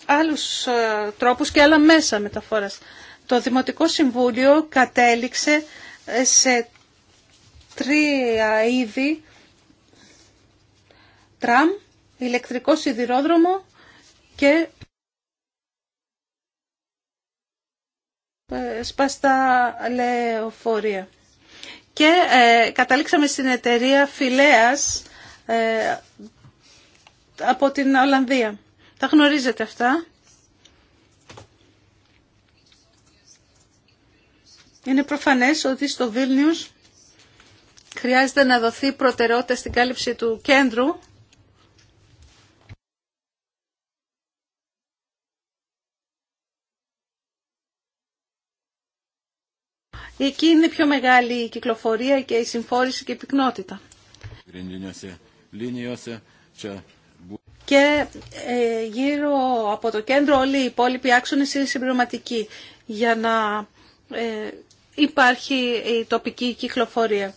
άλλους ε, τρόπους και άλλα μέσα μεταφόρας. Το Δημοτικό Συμβούλιο κατέληξε ε, σε τρία είδη τραμ, ηλεκτρικό σιδηρόδρομο και ε, σπαστά λεωφορεία. Και καταλήξαμε στην εταιρεία Φιλέας από την Ολλανδία. Τα γνωρίζετε αυτά. Είναι προφανές ότι στο Βίλνιους χρειάζεται να δοθεί προτεραιότητα στην κάλυψη του κέντρου Εκεί είναι πιο μεγάλη η κυκλοφορία και η συμφόρηση και η πυκνότητα και ε, γύρω από το κέντρο όλοι οι υπόλοιποι άξονες είναι συμπληρωματικοί για να ε, υπάρχει η τοπική κυκλοφορία.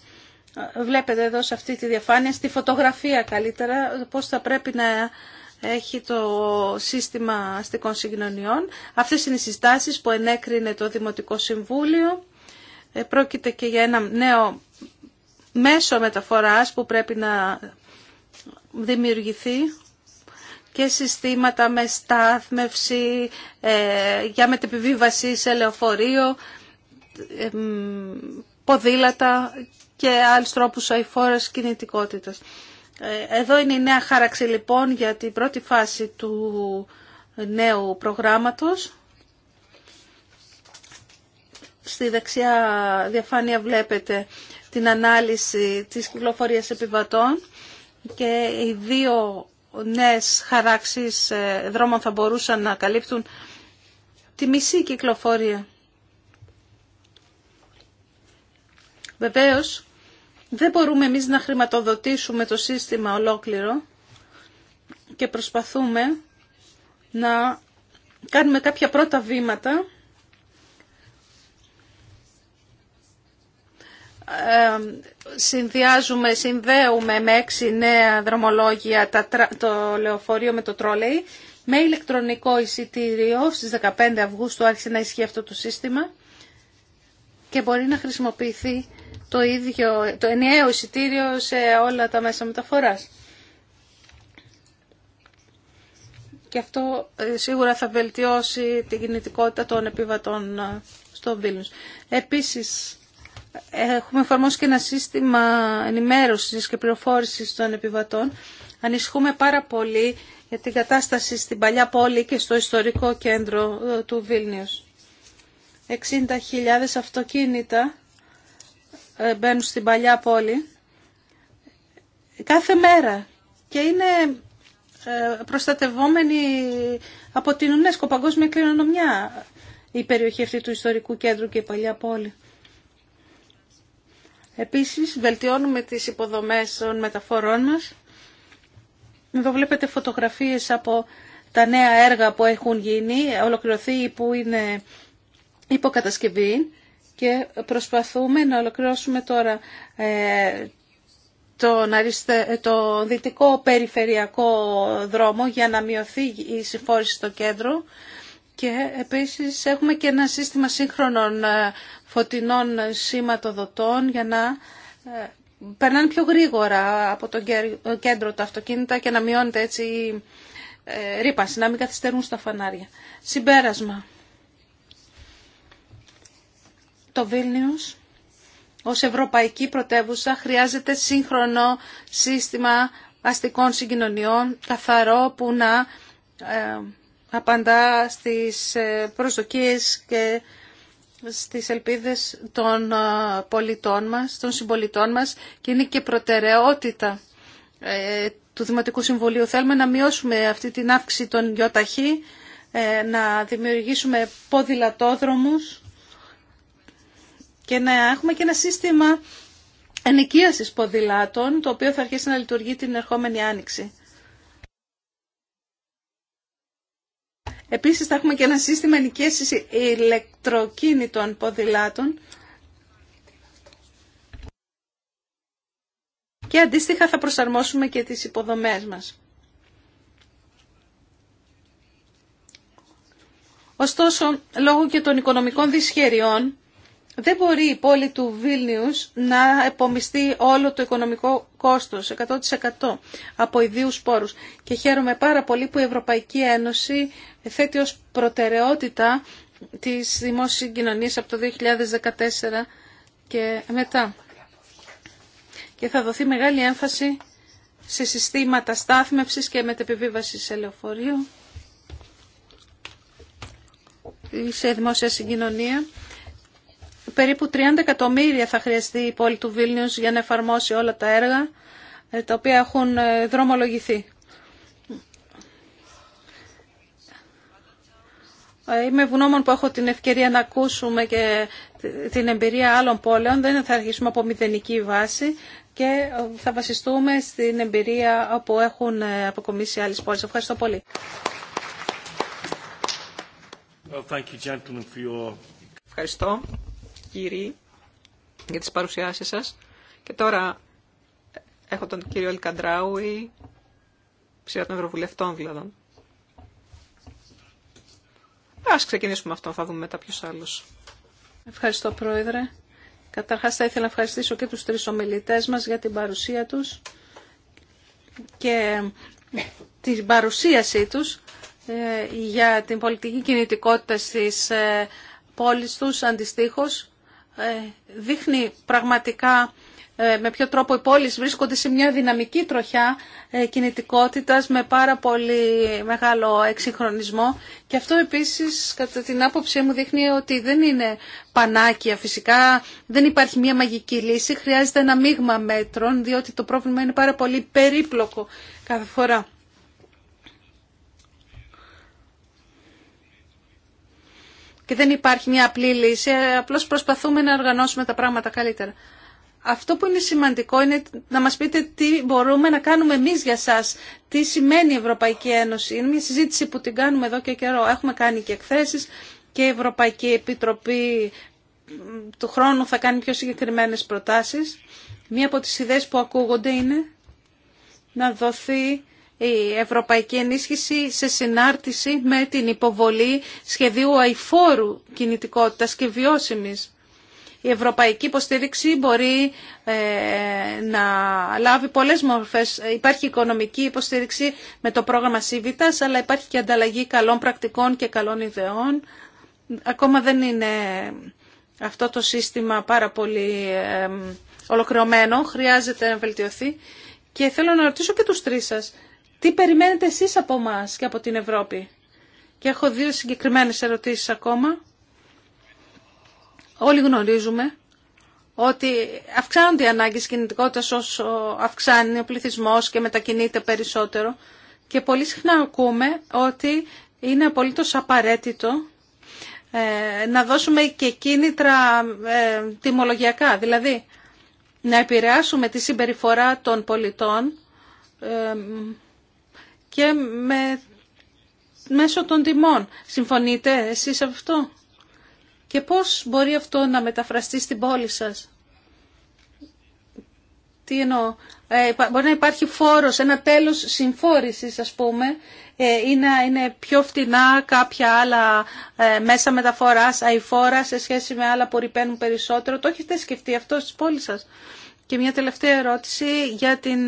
Βλέπετε εδώ σε αυτή τη διαφάνεια, στη φωτογραφία καλύτερα, πώς θα πρέπει να έχει το σύστημα αστικών συγκοινωνιών. Αυτές είναι οι συστάσεις που ενέκρινε το Δημοτικό Συμβούλιο. Ε, πρόκειται και για ένα νέο μέσο μεταφοράς που πρέπει να δημιουργηθεί και συστήματα με στάθμευση ε, για μετεπιβίβαση σε λεωφορείο, ε, ποδήλατα και άλλους τρόπους αηφόρας κινητικότητας. Ε, εδώ είναι η νέα χάραξη λοιπόν για την πρώτη φάση του νέου προγράμματος. Στη δεξιά διαφάνεια βλέπετε την ανάλυση της κυκλοφορίας επιβατών και οι δύο νέες χαράξεις ε, δρόμων θα μπορούσαν να καλύπτουν τη μισή κυκλοφορία. Βεβαίως, δεν μπορούμε εμείς να χρηματοδοτήσουμε το σύστημα ολόκληρο και προσπαθούμε να κάνουμε κάποια πρώτα βήματα συνδυάζουμε, συνδέουμε με έξι νέα δρομολόγια το λεωφορείο με το τρόλεϊ. Με ηλεκτρονικό εισιτήριο στις 15 Αυγούστου άρχισε να ισχύει αυτό το σύστημα και μπορεί να χρησιμοποιηθεί το ίδιο, το ενιαίο εισιτήριο σε όλα τα μέσα μεταφοράς. Και αυτό ε, σίγουρα θα βελτιώσει την κινητικότητα των επιβατών ε, στο Βίλνους. Επίσης, Έχουμε εφαρμόσει και ένα σύστημα ενημέρωσης και πληροφόρησης των επιβατών. Ανισχούμε πάρα πολύ για την κατάσταση στην παλιά πόλη και στο ιστορικό κέντρο ε, του Βίλνιους. 60.000 αυτοκίνητα ε, μπαίνουν στην παλιά πόλη κάθε μέρα και είναι ε, προστατευόμενοι από την UNESCO παγκόσμια κληρονομιά η περιοχή αυτή του ιστορικού κέντρου και η παλιά πόλη. Επίσης, βελτιώνουμε τις υποδομές των μεταφορών μας. Εδώ βλέπετε φωτογραφίες από τα νέα έργα που έχουν γίνει, ολοκληρωθεί που είναι υποκατασκευή και προσπαθούμε να ολοκληρώσουμε τώρα ε, το δυτικό περιφερειακό δρόμο για να μειωθεί η συμφόρηση στο κέντρο και επίσης έχουμε και ένα σύστημα σύγχρονων ε, φωτεινών σηματοδοτών για να ε, περνάνε πιο γρήγορα από το κέντρο τα αυτοκίνητα και να μειώνεται έτσι η ε, ρήπαση, να μην καθυστερούν στα φανάρια. Συμπέρασμα. Το Βίλνιους ως ευρωπαϊκή πρωτεύουσα χρειάζεται σύγχρονο σύστημα αστικών συγκοινωνιών, καθαρό που να ε, απαντά στις προσδοκίες και στις ελπίδες των πολιτών μας, των συμπολιτών μας και είναι και προτεραιότητα ε, του Δημοτικού Συμβουλίου. Θέλουμε να μειώσουμε αυτή την αύξηση των γιοταχή, ε, να δημιουργήσουμε ποδηλατόδρομους και να έχουμε και ένα σύστημα ενοικίασης ποδηλάτων, το οποίο θα αρχίσει να λειτουργεί την ερχόμενη άνοιξη. Επίσης θα έχουμε και ένα σύστημα νοικίασης ηλεκτροκίνητων ποδηλάτων και αντίστοιχα θα προσαρμόσουμε και τις υποδομές μας. Ωστόσο, λόγω και των οικονομικών δυσχεριών, δεν μπορεί η πόλη του Βίλνιους να επομιστεί όλο το οικονομικό κόστος 100% από ιδίους πόρους. Και χαίρομαι πάρα πολύ που η Ευρωπαϊκή Ένωση θέτει ως προτεραιότητα της δημόσιας συγκοινωνίες από το 2014 και μετά. Και θα δοθεί μεγάλη έμφαση σε συστήματα στάθμευσης και μετεπιβίβασης σε λεωφορείο ή σε δημόσια συγκοινωνία περίπου 30 εκατομμύρια θα χρειαστεί η πόλη του Βίλνιους για να εφαρμόσει όλα τα έργα ε, τα οποία έχουν ε, δρομολογηθεί. Ε, είμαι ευγνώμων που έχω την ευκαιρία να ακούσουμε και την εμπειρία άλλων πόλεων. Δεν θα αρχίσουμε από μηδενική βάση και θα βασιστούμε στην εμπειρία που έχουν αποκομίσει άλλες πόλεις. Ευχαριστώ πολύ. Well, thank you, gentlemen, for your... Ευχαριστώ κύριοι για τις παρουσιάσεις σας. Και τώρα έχω τον κύριο Ελκαντράουι, ψήρα των Ευρωβουλευτών δηλαδή. Ας ξεκινήσουμε αυτό, θα δούμε μετά πιο άλλος. Ευχαριστώ Πρόεδρε. Καταρχάς θα ήθελα να ευχαριστήσω και τους τρεις ομιλητές μας για την παρουσία τους και την παρουσίασή τους ε, για την πολιτική κινητικότητα στις ε, πόλεις τους αντιστοίχως ε, δείχνει πραγματικά ε, με ποιο τρόπο οι πόλεις βρίσκονται σε μια δυναμική τροχιά ε, κινητικότητας με πάρα πολύ μεγάλο εξυγχρονισμό και αυτό επίσης κατά την άποψή μου δείχνει ότι δεν είναι πανάκια φυσικά, δεν υπάρχει μια μαγική λύση, χρειάζεται ένα μείγμα μέτρων διότι το πρόβλημα είναι πάρα πολύ περίπλοκο κάθε φορά. και δεν υπάρχει μια απλή λύση, ε, απλώς προσπαθούμε να οργανώσουμε τα πράγματα καλύτερα. Αυτό που είναι σημαντικό είναι να μας πείτε τι μπορούμε να κάνουμε εμείς για σας. Τι σημαίνει η Ευρωπαϊκή Ένωση. Είναι μια συζήτηση που την κάνουμε εδώ και καιρό. Έχουμε κάνει και εκθέσεις και η Ευρωπαϊκή Επιτροπή του χρόνου θα κάνει πιο συγκεκριμένες προτάσεις. Μία από τις ιδέες που ακούγονται είναι να δοθεί η ευρωπαϊκή ενίσχυση σε συνάρτηση με την υποβολή σχεδίου αϊφόρου κινητικότητας και βιώσιμης. Η ευρωπαϊκή υποστήριξη μπορεί ε, να λάβει πολλές μορφές. Υπάρχει οικονομική υποστήριξη με το πρόγραμμα ΣΥΒΙΤΑΣ... αλλά υπάρχει και ανταλλαγή καλών πρακτικών και καλών ιδεών. Ακόμα δεν είναι αυτό το σύστημα πάρα πολύ ολοκληρωμένο, χρειάζεται να βελτιωθεί. Και θέλω να ρωτήσω και τους τρεις σας. Τι περιμένετε εσείς από εμά και από την Ευρώπη. Και έχω δύο συγκεκριμένες ερωτήσεις ακόμα. Όλοι γνωρίζουμε ότι αυξάνονται οι ανάγκες κινητικότητας όσο αυξάνει ο πληθυσμός και μετακινείται περισσότερο. Και πολύ συχνά ακούμε ότι είναι απολύτως απαραίτητο ε, να δώσουμε και κίνητρα ε, τιμολογιακά. Δηλαδή, να επηρεάσουμε τη συμπεριφορά των πολιτών ε, και μέσω των τιμών. Συμφωνείτε εσείς αυτό και πώς μπορεί αυτό να μεταφραστεί στην πόλη σας. Τι εννοώ, ε, μπορεί να υπάρχει φόρος, ένα τέλος συμφόρησης ας πούμε ε, είναι πιο φτηνά κάποια άλλα ε, μέσα μεταφοράς, αηφόρα σε σχέση με άλλα που ρηπαίνουν περισσότερο. Το έχετε σκεφτεί αυτό στις πόλεις σας. Και μια τελευταία ερώτηση για την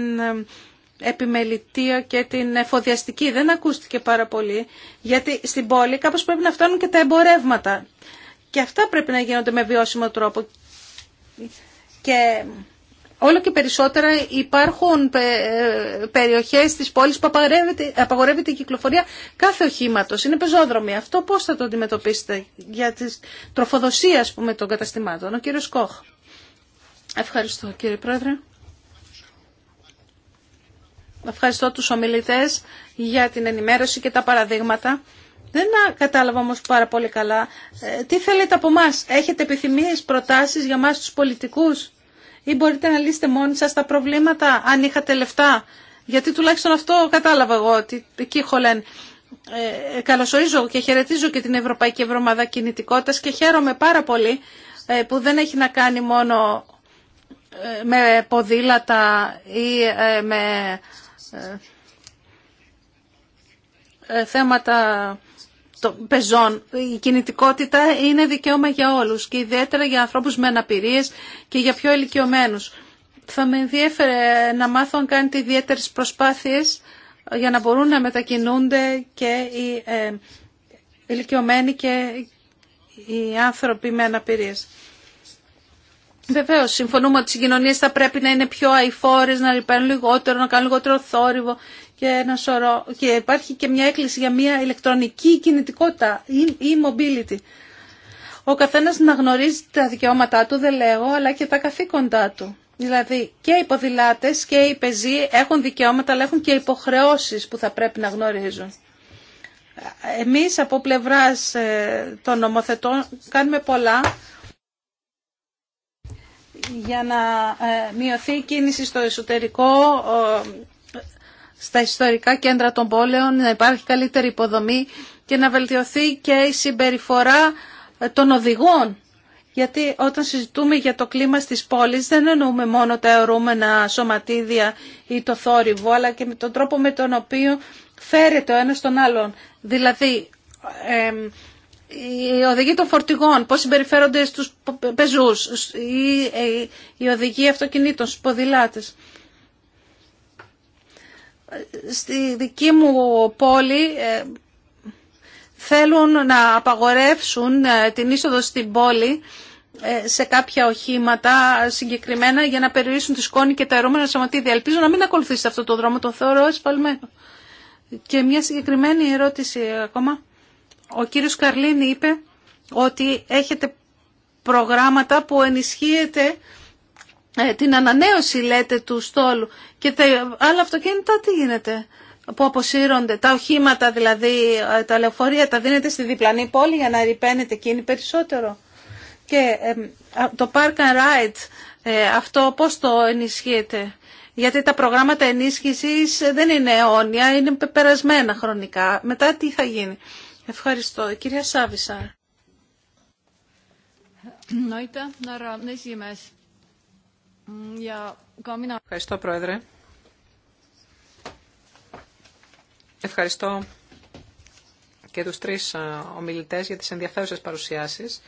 επιμελητία και την εφοδιαστική. Δεν ακούστηκε πάρα πολύ, γιατί στην πόλη κάπως πρέπει να φτάνουν και τα εμπορεύματα. Και αυτά πρέπει να γίνονται με βιώσιμο τρόπο. Και όλο και περισσότερα υπάρχουν ε, περιοχές της πόλης που απαγορεύεται, η κυκλοφορία κάθε οχήματος. Είναι πεζόδρομοι. Αυτό πώς θα το αντιμετωπίσετε για τη τροφοδοσία, πούμε, των καταστημάτων. Ο κύριος Κόχ. Ευχαριστώ κύριε Πρόεδρε. Ευχαριστώ τους ομιλητές για την ενημέρωση και τα παραδείγματα. Δεν κατάλαβα όμως πάρα πολύ καλά. Ε, τι θέλετε από εμά, έχετε επιθυμίες, προτάσεις για μας τους πολιτικούς ή μπορείτε να λύσετε μόνοι σας τα προβλήματα αν είχατε λεφτά. Γιατί τουλάχιστον αυτό κατάλαβα εγώ ότι εκεί χωλέν. Ε, ε, καλωσορίζω και χαιρετίζω και την Ευρωπαϊκή Ευρωμάδα Κινητικότητας και χαίρομαι πάρα πολύ που δεν έχει να κάνει μόνο με ποδήλατα ή με ε, ε, θέματα το πεζών. Η κινητικότητα είναι δικαίωμα για όλους και ιδιαίτερα για ανθρώπους με αναπηρίες και για πιο ηλικιωμένους. Θα με ενδιέφερε να μάθω αν κάνετε ιδιαίτερε προσπάθειες ε, για να μπορούν να μετακινούνται και οι ηλικιωμένοι και οι άνθρωποι με αναπηρίες. Βεβαίω, συμφωνούμε ότι οι συγκοινωνίε θα πρέπει να είναι πιο αηφόρε, να λυπαίνουν λιγότερο, να κάνουν λιγότερο θόρυβο και ένα σωρό. Και υπάρχει και μια έκκληση για μια ηλεκτρονική ή e-mobility. Ο καθένα να γνωρίζει τα δικαιώματά του, δεν λέω, αλλά και τα καθήκοντά του. Δηλαδή και οι ποδηλάτε και οι πεζοί έχουν δικαιώματα, αλλά έχουν και υποχρεώσει που θα πρέπει να γνωρίζουν. Εμείς από πλευράς ε, των νομοθετών κάνουμε πολλά για να ε, μειωθεί η κίνηση στο εσωτερικό, στα ιστορικά κέντρα των πόλεων, να υπάρχει καλύτερη υποδομή και να βελτιωθεί και η συμπεριφορά των οδηγών. Γιατί όταν συζητούμε για το κλίμα στις πόλεις δεν εννοούμε μόνο τα αιωρούμενα σωματίδια ή το θόρυβο, αλλά και με τον τρόπο με τον οποίο φέρεται ο ένας τον άλλον. Δηλαδή, ε, οι οδηγοί των φορτηγών, πώς συμπεριφέρονται στους πεζούς ή οι ε, οδηγοί αυτοκινήτων, στους ποδηλάτες. Στη δική μου πόλη ε, θέλουν να απαγορεύσουν ε, την είσοδο στην πόλη σε κάποια οχήματα συγκεκριμένα για να περιορίσουν τη σκόνη και τα ερώμενα σωματίδια. Ελπίζω να μην ακολουθήσετε αυτό το δρόμο, το θεωρώ εσφαλμένο. Και μια συγκεκριμένη ερώτηση ακόμα. Ο κύριος Καρλίνη είπε ότι έχετε προγράμματα που ενισχύεται ε, την ανανέωση, λέτε, του στόλου. Και τα άλλα αυτοκίνητα τι γίνεται που αποσύρονται, τα οχήματα δηλαδή, ε, τα λεωφορεία τα δίνετε στη διπλανή πόλη για να ρηπαίνετε εκείνη περισσότερο. Και το Park and Ride, ε, αυτό πώς το ενισχύεται. Γιατί τα προγράμματα ενίσχυσης δεν είναι αιώνια, είναι περασμένα χρονικά. Μετά τι θα γίνει. Ευχαριστώ. Η κυρία Σάβησα. Ευχαριστώ, Πρόεδρε. Ευχαριστώ και τους τρεις ε, ομιλητές για τις ενδιαφέρουσες παρουσιάσεις.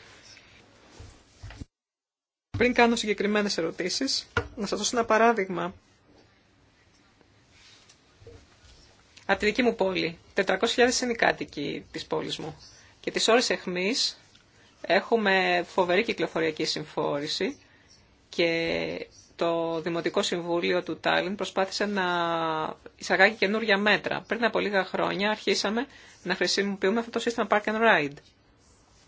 Πριν κάνω συγκεκριμένες ερωτήσεις, να σας δώσω ένα παράδειγμα από τη δική μου πόλη. 400.000 είναι οι κάτοικοι της πόλης μου. Και τις ώρες εχμής έχουμε φοβερή κυκλοφοριακή συμφόρηση και το Δημοτικό Συμβούλιο του Τάλιν προσπάθησε να εισαγάγει καινούργια μέτρα. Πριν από λίγα χρόνια αρχίσαμε να χρησιμοποιούμε αυτό το σύστημα Park and Ride,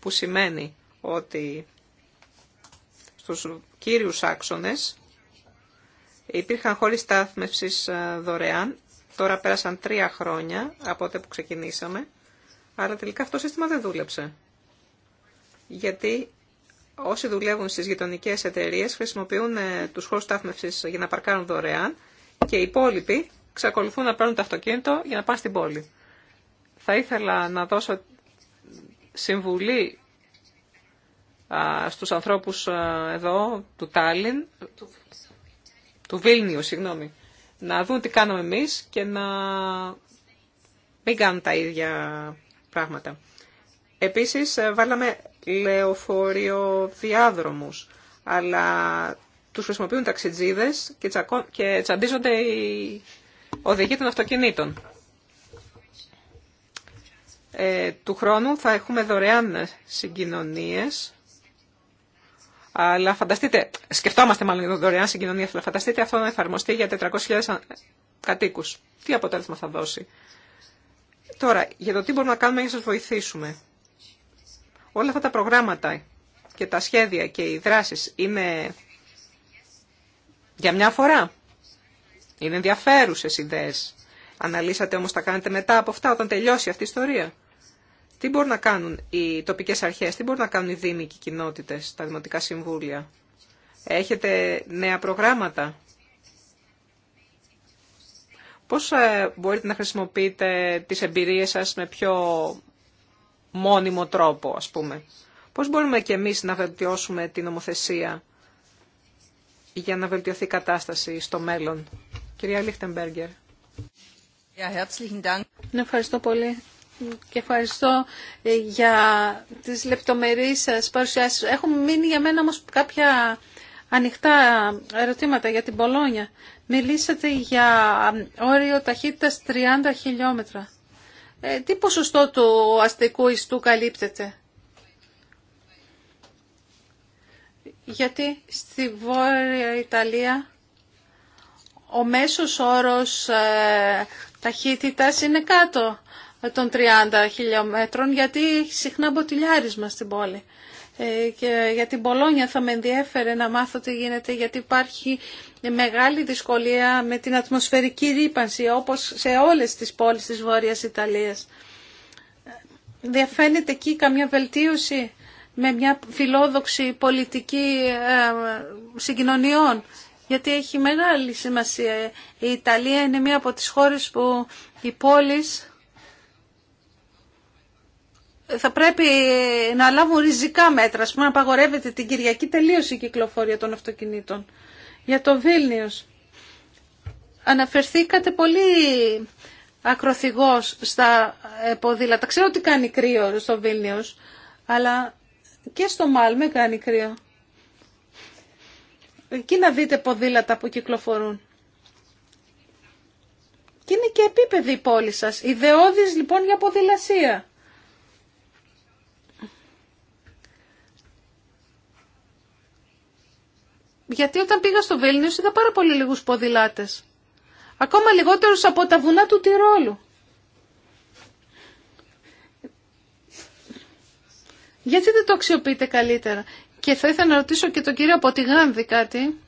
που σημαίνει ότι στους κύριους άξονες υπήρχαν χώροι στάθμευσης ε, δωρεάν Τώρα πέρασαν τρία χρόνια από τότε που ξεκινήσαμε, αλλά τελικά αυτό το σύστημα δεν δούλεψε. Γιατί όσοι δουλεύουν στις γειτονικέ εταιρείε χρησιμοποιούν ε, τους χώρους στάθμευσης για να παρκάρουν δωρεάν και οι υπόλοιποι ξεκολουθούν να παίρνουν το αυτοκίνητο για να πάνε στην πόλη. Θα ήθελα να δώσω συμβουλή στους ανθρώπους ε, εδώ του Τάλιν, του Βίλνιου, συγγνώμη, να δουν τι κάνουμε εμείς και να μην κάνουν τα ίδια πράγματα. Επίσης ε, βάλαμε λεωφορείο διάδρομους, αλλά τους χρησιμοποιούν ταξιτζίδες και, τσακώ, και τσαντίζονται οι οδηγοί των αυτοκινήτων. Ε, του χρόνου θα έχουμε δωρεάν συγκοινωνίες αλλά φανταστείτε, σκεφτόμαστε μάλλον για δωρεάν συγκοινωνία, αλλά φανταστείτε αυτό να εφαρμοστεί για 400.000 κατοίκου. Τι αποτέλεσμα θα δώσει. Τώρα, για το τι μπορούμε να κάνουμε για να σα βοηθήσουμε. Όλα αυτά τα προγράμματα και τα σχέδια και οι δράσει είναι για μια φορά. Είναι ενδιαφέρουσε ιδέε. Αναλύσατε όμω τα κάνετε μετά από αυτά, όταν τελειώσει αυτή η ιστορία. Τι μπορούν να κάνουν οι τοπικές αρχές, τι μπορούν να κάνουν οι δήμοι και οι κοινότητες, τα δημοτικά συμβούλια. Έχετε νέα προγράμματα. Πώς ε, μπορείτε να χρησιμοποιείτε τις εμπειρίες σας με πιο μόνιμο τρόπο, ας πούμε. Πώς μπορούμε και εμείς να βελτιώσουμε την νομοθεσία για να βελτιωθεί η κατάσταση στο μέλλον. Κυρία Λίχτεμπέργκερ. Ναι, ευχαριστώ πολύ και ευχαριστώ ε, για τις λεπτομερείς σας παρουσιάσεις. Έχουν μείνει για μένα όμως κάποια ανοιχτά ερωτήματα για την Πολόνια. Μιλήσατε για όριο ταχύτητας 30 χιλιόμετρα. Ε, τι ποσοστό του αστικού ιστού καλύπτεται. Γιατί στη Βόρεια Ιταλία ο μέσος όρος ε, ταχύτητας είναι κάτω των 30 χιλιόμετρων γιατί συχνά μποτιλιάρισμα στην πόλη. Ε, και για την Πολόνια θα με ενδιέφερε να μάθω τι γίνεται γιατί υπάρχει μεγάλη δυσκολία με την ατμοσφαιρική ρήπανση όπως σε όλες τις πόλεις της Βόρειας Ιταλίας. Διαφαίνεται εκεί καμιά βελτίωση με μια φιλόδοξη πολιτική ε, συγκοινωνιών γιατί έχει μεγάλη σημασία. Η Ιταλία είναι μία από τις χώρες που οι πόλεις θα πρέπει να λάβουν ριζικά μέτρα. Ας πούμε, απαγορεύεται την Κυριακή τελείωση η κυκλοφορία των αυτοκινήτων. Για το Βίλνιος. Αναφερθήκατε πολύ ακροθυγός στα ποδήλατα. Ξέρω ότι κάνει κρύο στο Βίλνιος, αλλά και στο Μάλμε κάνει κρύο. Εκεί να δείτε ποδήλατα που κυκλοφορούν. Και είναι και επίπεδη η πόλη σας. Ιδεώδης λοιπόν για ποδηλασία. Γιατί όταν πήγα στο Βέλνιος είδα πάρα πολύ λίγους ποδηλάτες. Ακόμα λιγότερους από τα βουνά του Τυρόλου. Γιατί δεν το αξιοποιείτε καλύτερα. Και θα ήθελα να ρωτήσω και τον κύριο από τη κάτι.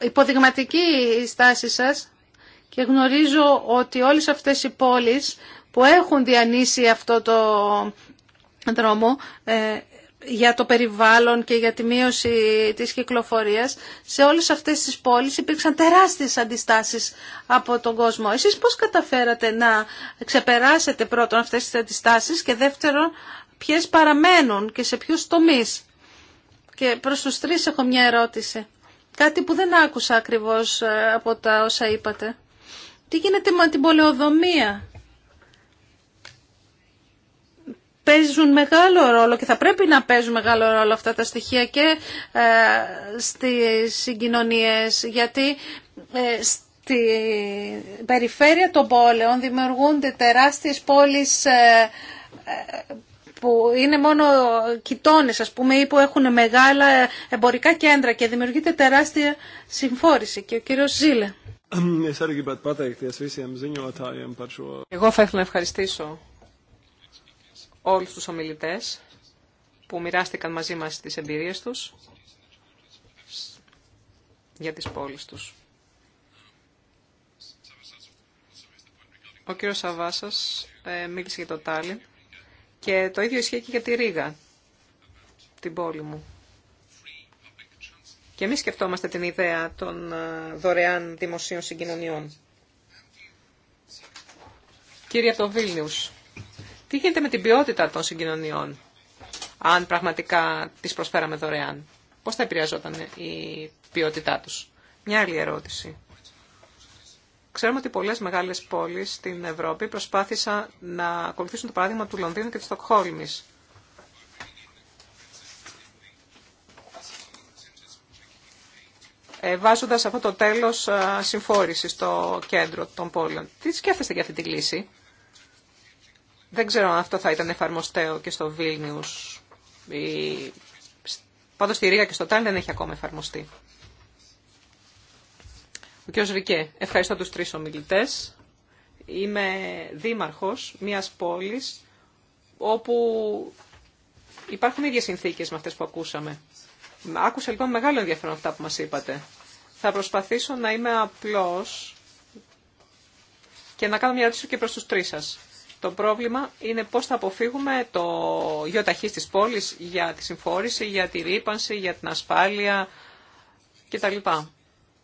Υποδειγματική η στάση σας και γνωρίζω ότι όλες αυτές οι πόλεις που έχουν διανύσει αυτό το δρόμο ε, για το περιβάλλον και για τη μείωση της κυκλοφορίας, σε όλες αυτές τις πόλεις υπήρξαν τεράστιες αντιστάσεις από τον κόσμο. Εσείς πώς καταφέρατε να ξεπεράσετε πρώτον αυτές τις αντιστάσεις και δεύτερον ποιες παραμένουν και σε ποιους τομείς. Και προς τους τρεις έχω μια ερώτηση. Κάτι που δεν άκουσα ακριβώς ε, από τα όσα είπατε. Τι γίνεται με την πολεοδομία παίζουν μεγάλο ρόλο και θα πρέπει να παίζουν μεγάλο ρόλο αυτά τα στοιχεία και ε, στις συγκοινωνίες γιατί ε, στη περιφέρεια των πόλεων δημιουργούνται τεράστιες πόλεις ε, που είναι μόνο κοιτώνες ας πούμε ή που έχουν μεγάλα εμπορικά κέντρα και δημιουργείται τεράστια συμφόρηση και ο κύριος Ζήλε. Εγώ θα ήθελα να ευχαριστήσω όλους τους ομιλητές που μοιράστηκαν μαζί μας τις εμπειρίες τους για τις πόλεις τους. Ο κύριος Σαββάσας ε, μίλησε για το Τάλιν και το ίδιο ισχύει και για τη Ρήγα, την πόλη μου. Και εμείς σκεφτόμαστε την ιδέα των ε, δωρεάν δημοσίων συγκοινωνιών. Κύριε από το Βίλνιους, τι γίνεται με την ποιότητα των συγκοινωνιών, αν πραγματικά τις προσφέραμε δωρεάν. Πώς θα επηρεαζόταν η ποιότητά τους. Μια άλλη ερώτηση. Ξέρουμε ότι πολλές μεγάλες πόλεις στην Ευρώπη προσπάθησαν να ακολουθήσουν το παράδειγμα του Λονδίνου και της Στοκχόλμης. Ε, βάζοντας αυτό το τέλος συμφόρηση στο κέντρο των πόλεων. Τι σκέφτεστε για αυτή τη λύση. Δεν ξέρω αν αυτό θα ήταν εφαρμοστέο και στο Βίλνιους. Η... Πάντως στη Ρίγα και στο Τάν δεν έχει ακόμα εφαρμοστεί. Ο κ. Ρικέ, ευχαριστώ τους τρεις ομιλητές. Είμαι δήμαρχος μιας πόλης όπου υπάρχουν ίδιες συνθήκες με αυτές που ακούσαμε. Άκουσα λοιπόν μεγάλο ενδιαφέρον αυτά που μας είπατε. Θα προσπαθήσω να είμαι απλός και να κάνω μια ερώτηση και προς τους τρεις σας. Το πρόβλημα είναι πώς θα αποφύγουμε το γεωταχή της πόλης για τη συμφόρηση, για τη ρήπανση, για την ασφάλεια κτλ.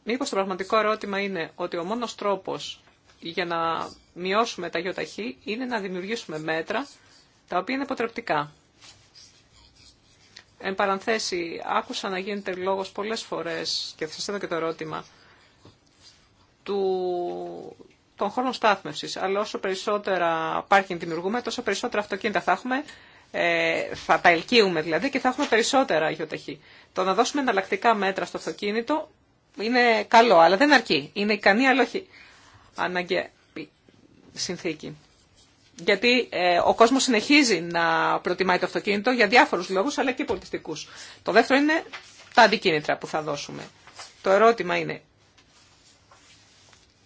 Μήπως το πραγματικό ερώτημα είναι ότι ο μόνος τρόπος για να μειώσουμε τα γεωταχή είναι να δημιουργήσουμε μέτρα τα οποία είναι αποτρεπτικά. Εν παρανθέσει, άκουσα να γίνεται λόγος πολλές φορές και θα και το ερώτημα του των χώρων στάθμευσης. Αλλά όσο περισσότερα πάρκινγκ δημιουργούμε, τόσο περισσότερα αυτοκίνητα θα έχουμε, ε, θα τα ελκύουμε δηλαδή και θα έχουμε περισσότερα αγιοταχή. Το να δώσουμε εναλλακτικά μέτρα στο αυτοκίνητο είναι καλό, αλλά δεν αρκεί. Είναι ικανή, αλλά όχι αναγκαία συνθήκη. Γιατί ε, ο κόσμος συνεχίζει να προτιμάει το αυτοκίνητο για διάφορους λόγους, αλλά και πολιτιστικούς. Το δεύτερο είναι τα αντικίνητρα που θα δώσουμε. Το ερώτημα είναι,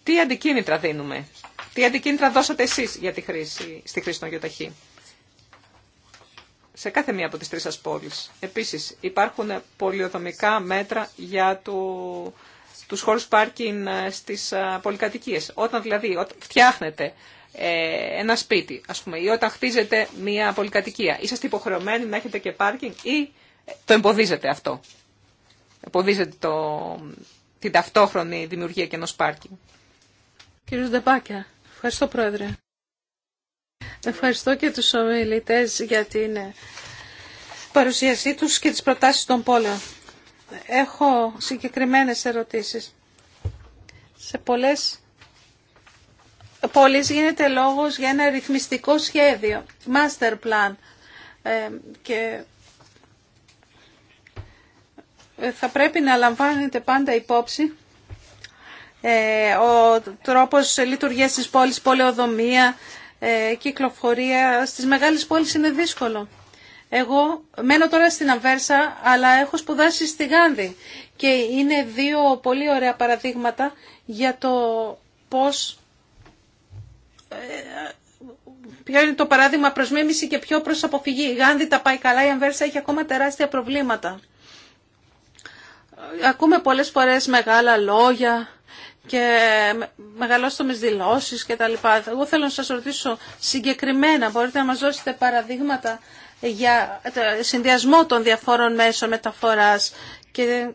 τι αντικίνητρα δίνουμε, τι αντικίνητρα δώσατε εσείς για τη χρήση, στη χρήση των γεωταχή σε κάθε μία από τις τρεις σας πόλεις. Επίσης, υπάρχουν πολιοδομικά μέτρα για το, τους χώρους πάρκιν ε, στις ε, πολυκατοικίες. Όταν δηλαδή φτιάχνετε ε, ένα σπίτι, ας πούμε, ή όταν χτίζετε μία πολυκατοικία, είσαστε υποχρεωμένοι να έχετε και πάρκινγκ ή το εμποδίζετε αυτό. Εμποδίζετε το, την ταυτόχρονη δημιουργία και ενός πάρκινγκ. Κύριος Ντεμπάκια, ευχαριστώ Πρόεδρε. Ευχαριστώ και τους ομιλητές για την ε, παρουσίασή τους και τις προτάσεις των πόλεων. Έχω συγκεκριμένες ερωτήσεις. Σε πολλές πόλεις γίνεται λόγος για ένα ρυθμιστικό σχέδιο, master plan ε, και ε, θα πρέπει να λαμβάνετε πάντα υπόψη ε, ο τρόπος λειτουργίας της πόλης, πολεοδομία, ε, κυκλοφορία. Στις μεγάλες πόλεις είναι δύσκολο. Εγώ μένω τώρα στην Αμβέρσα, αλλά έχω σπουδάσει στη Γάνδη και είναι δύο πολύ ωραία παραδείγματα για το πώς ε, ποιο είναι το παράδειγμα προς και ποιο προς αποφυγή. Η Γάνδη τα πάει καλά, η Αμβέρσα έχει ακόμα τεράστια προβλήματα. Ακούμε πολλές φορές μεγάλα λόγια και μεγαλώστομες δηλώσει, και τα λοιπά. Εγώ θέλω να σας ρωτήσω συγκεκριμένα, μπορείτε να μας δώσετε παραδείγματα για συνδυασμό των διαφόρων μέσων μεταφοράς και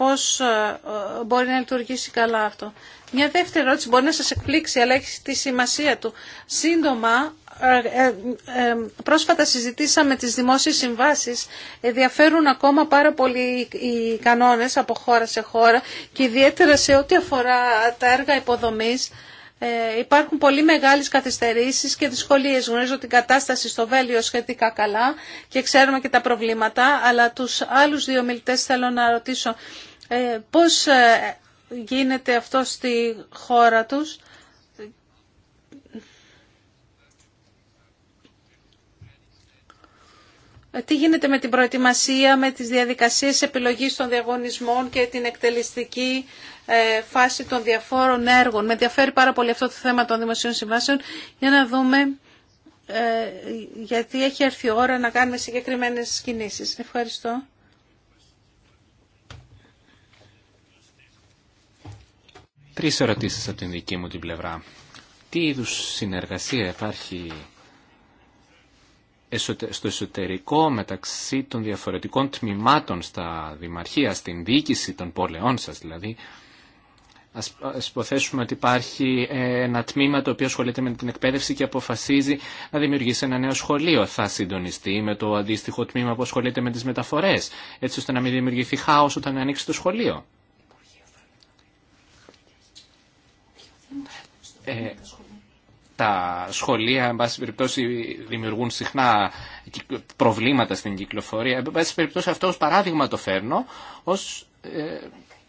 πώς ε, ε, μπορεί να λειτουργήσει καλά αυτό. Μια δεύτερη ερώτηση μπορεί να σας εκπλήξει, αλλά έχει τη σημασία του. Σύντομα, ε, πρόσφατα συζητήσαμε τις δημόσιες συμβάσεις. Διαφέρουν ακόμα πάρα πολύ οι κανόνες από χώρα σε χώρα και ιδιαίτερα σε ό,τι αφορά τα έργα υποδομής. υπάρχουν πολύ μεγάλες καθυστερήσεις και δυσκολίες. Γνωρίζω την κατάσταση στο Βέλιο σχετικά καλά και ξέρουμε και τα προβλήματα, αλλά τους άλλους δύο μιλητές θέλω να ρωτήσω ε, πώς ε, γίνεται αυτό στη χώρα τους. Ε, τι γίνεται με την προετοιμασία, με τις διαδικασίες επιλογής των διαγωνισμών και την εκτελεστική φάση των διαφόρων έργων. Με ενδιαφέρει πάρα πολύ αυτό το θέμα των δημοσίων συμβάσεων για να δούμε γιατί έχει έρθει η ώρα να κάνουμε συγκεκριμένες κινήσεις. Ευχαριστώ. Τρεις ερωτήσεις από την δική μου την πλευρά. Τι είδους συνεργασία υπάρχει στο εσωτερικό μεταξύ των διαφορετικών τμήματων στα δημαρχία, στην διοίκηση των πόλεων σας δηλαδή. Ας, ας υποθέσουμε ότι υπάρχει ε, ένα τμήμα το οποίο ασχολείται με την εκπαίδευση και αποφασίζει να δημιουργήσει ένα νέο σχολείο. Θα συντονιστεί με το αντίστοιχο τμήμα που ασχολείται με τις μεταφορές, έτσι ώστε να μην δημιουργηθεί χάος όταν ανοίξει το σχολείο. Ε, τα σχολεία, εν πάση περιπτώσει, δημιουργούν συχνά προβλήματα στην κυκλοφορία. Εν πάση περιπτώσει, αυτό ως παράδειγμα το φέρνω, ως ε,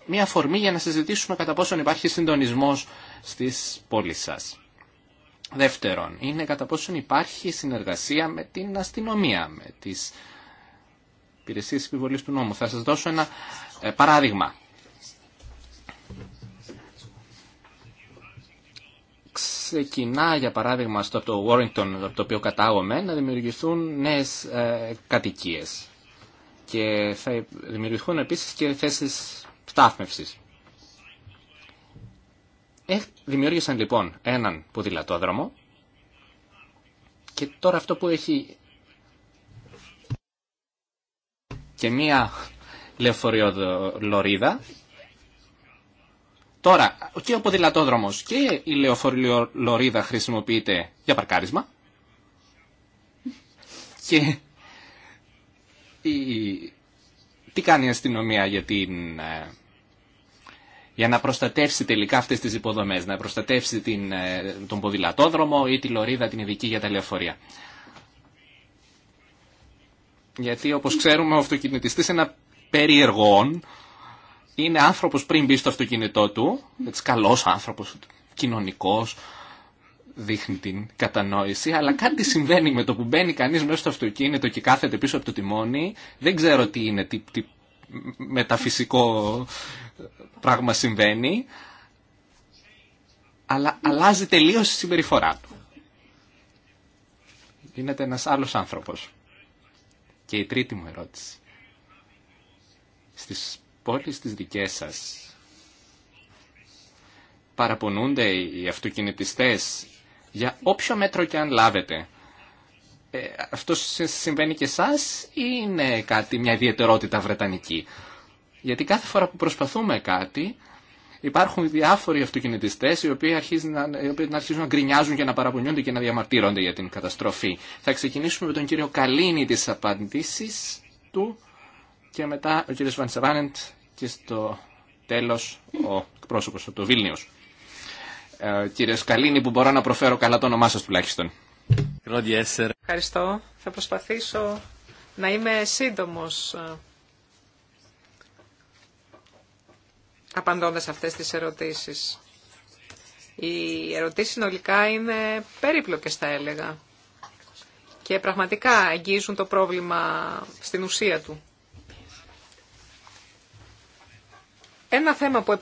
μια αφορμή για να συζητήσουμε κατά πόσον υπάρχει συντονισμός στις πόλεις σας. Δεύτερον, είναι κατά πόσον υπάρχει συνεργασία με την αστυνομία, με τις υπηρεσίες επιβολής του νόμου. Θα σας δώσω ένα ε, παράδειγμα. κοινά για παράδειγμα, στο το από το οποίο κατάγομαι, να δημιουργηθούν νέε ε, κατοικίες. Και θα δημιουργηθούν επίσης και θέσει στάθμευσης. Ε, δημιούργησαν λοιπόν έναν ποδηλατόδρομο και τώρα αυτό που έχει και μία λεωφορείο λωρίδα Τώρα, και ο ποδηλατόδρομος και η λορίδα χρησιμοποιείται για παρκάρισμα. Και η... τι κάνει η αστυνομία για, την... Ε, για να προστατεύσει τελικά αυτές τις υποδομές, να προστατεύσει την... Ε, τον ποδηλατόδρομο ή τη λωρίδα την ειδική για τα λεωφορεία. Γιατί όπως ξέρουμε ο αυτοκινητιστής είναι ένα περίεργο είναι άνθρωπος πριν μπει στο αυτοκίνητό του, έτσι καλός άνθρωπος, κοινωνικός, δείχνει την κατανόηση, αλλά κάτι συμβαίνει με το που μπαίνει κανείς μέσα στο αυτοκίνητο και κάθεται πίσω από το τιμόνι, δεν ξέρω τι είναι, τι, τι μεταφυσικό πράγμα συμβαίνει, αλλά αλλάζει τελείω η συμπεριφορά του. Γίνεται ένα άλλο άνθρωπο. Και η τρίτη μου ερώτηση. Στις πόλεις τις δικές σας παραπονούνται οι αυτοκινητιστές για όποιο μέτρο και αν λάβετε. Ε, αυτό συμβαίνει και εσά ή είναι κάτι, μια ιδιαιτερότητα βρετανική. Γιατί κάθε φορά που προσπαθούμε κάτι, υπάρχουν διάφοροι αυτοκινητιστές οι οποίοι, αρχίζουν να, αρχίζουν να γκρινιάζουν και να παραπονιούνται και να διαμαρτύρονται για την καταστροφή. Θα ξεκινήσουμε με τον κύριο Καλίνη τις απαντήσεις του και μετά ο κύριος Βανσεβάνεντ και στο τέλος ο πρόσωπος του Βίλνιους. Ε, κύριε Σκαλίνη που μπορώ να προφέρω καλά το όνομά σας τουλάχιστον. Ευχαριστώ. Θα προσπαθήσω να είμαι σύντομος ε, απαντώντας αυτές τις ερωτήσεις. Οι ερωτήσεις συνολικά είναι περίπλοκες θα έλεγα και πραγματικά αγγίζουν το πρόβλημα στην ουσία του. Ένα θέμα που,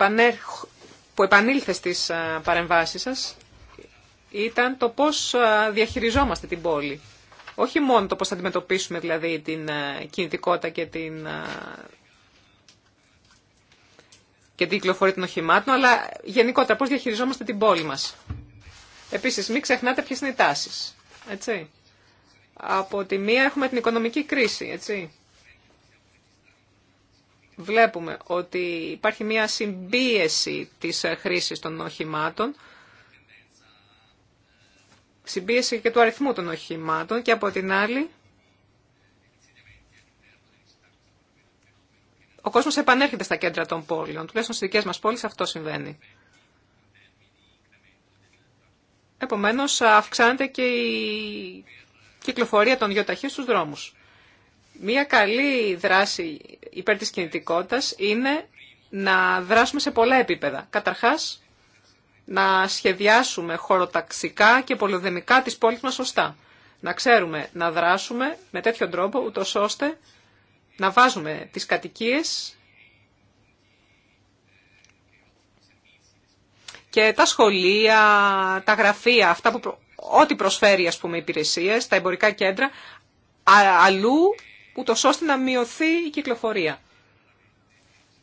που επανήλθε στις παρεμβάσεις σας ήταν το πώς διαχειριζόμαστε την πόλη. Όχι μόνο το πώς θα αντιμετωπίσουμε δηλαδή την κινητικότητα και την και την κυκλοφορία των οχημάτων, αλλά γενικότερα πώς διαχειριζόμαστε την πόλη μας. Επίσης, μην ξεχνάτε ποιες είναι οι τάσεις. Έτσι. Από τη μία έχουμε την οικονομική κρίση, έτσι βλέπουμε ότι υπάρχει μια συμπίεση της χρήσης των οχημάτων, συμπίεση και του αριθμού των οχημάτων και από την άλλη ο κόσμος επανέρχεται στα κέντρα των πόλεων, τουλάχιστον στις δικές μας πόλεις αυτό συμβαίνει. Επομένως αυξάνεται και η κυκλοφορία των γιοταχείων στους δρόμους. Μία καλή δράση υπέρ της κινητικότητας είναι να δράσουμε σε πολλά επίπεδα. Καταρχάς, να σχεδιάσουμε χωροταξικά και πολυδεμικά τις πόλεις μας σωστά. Να ξέρουμε να δράσουμε με τέτοιο τρόπο, ούτω ώστε να βάζουμε τις κατοικίες και τα σχολεία, τα γραφεία, αυτά που, ό,τι προσφέρει ας πούμε υπηρεσίες, τα εμπορικά κέντρα, αλλού ούτω ώστε να μειωθεί η κυκλοφορία.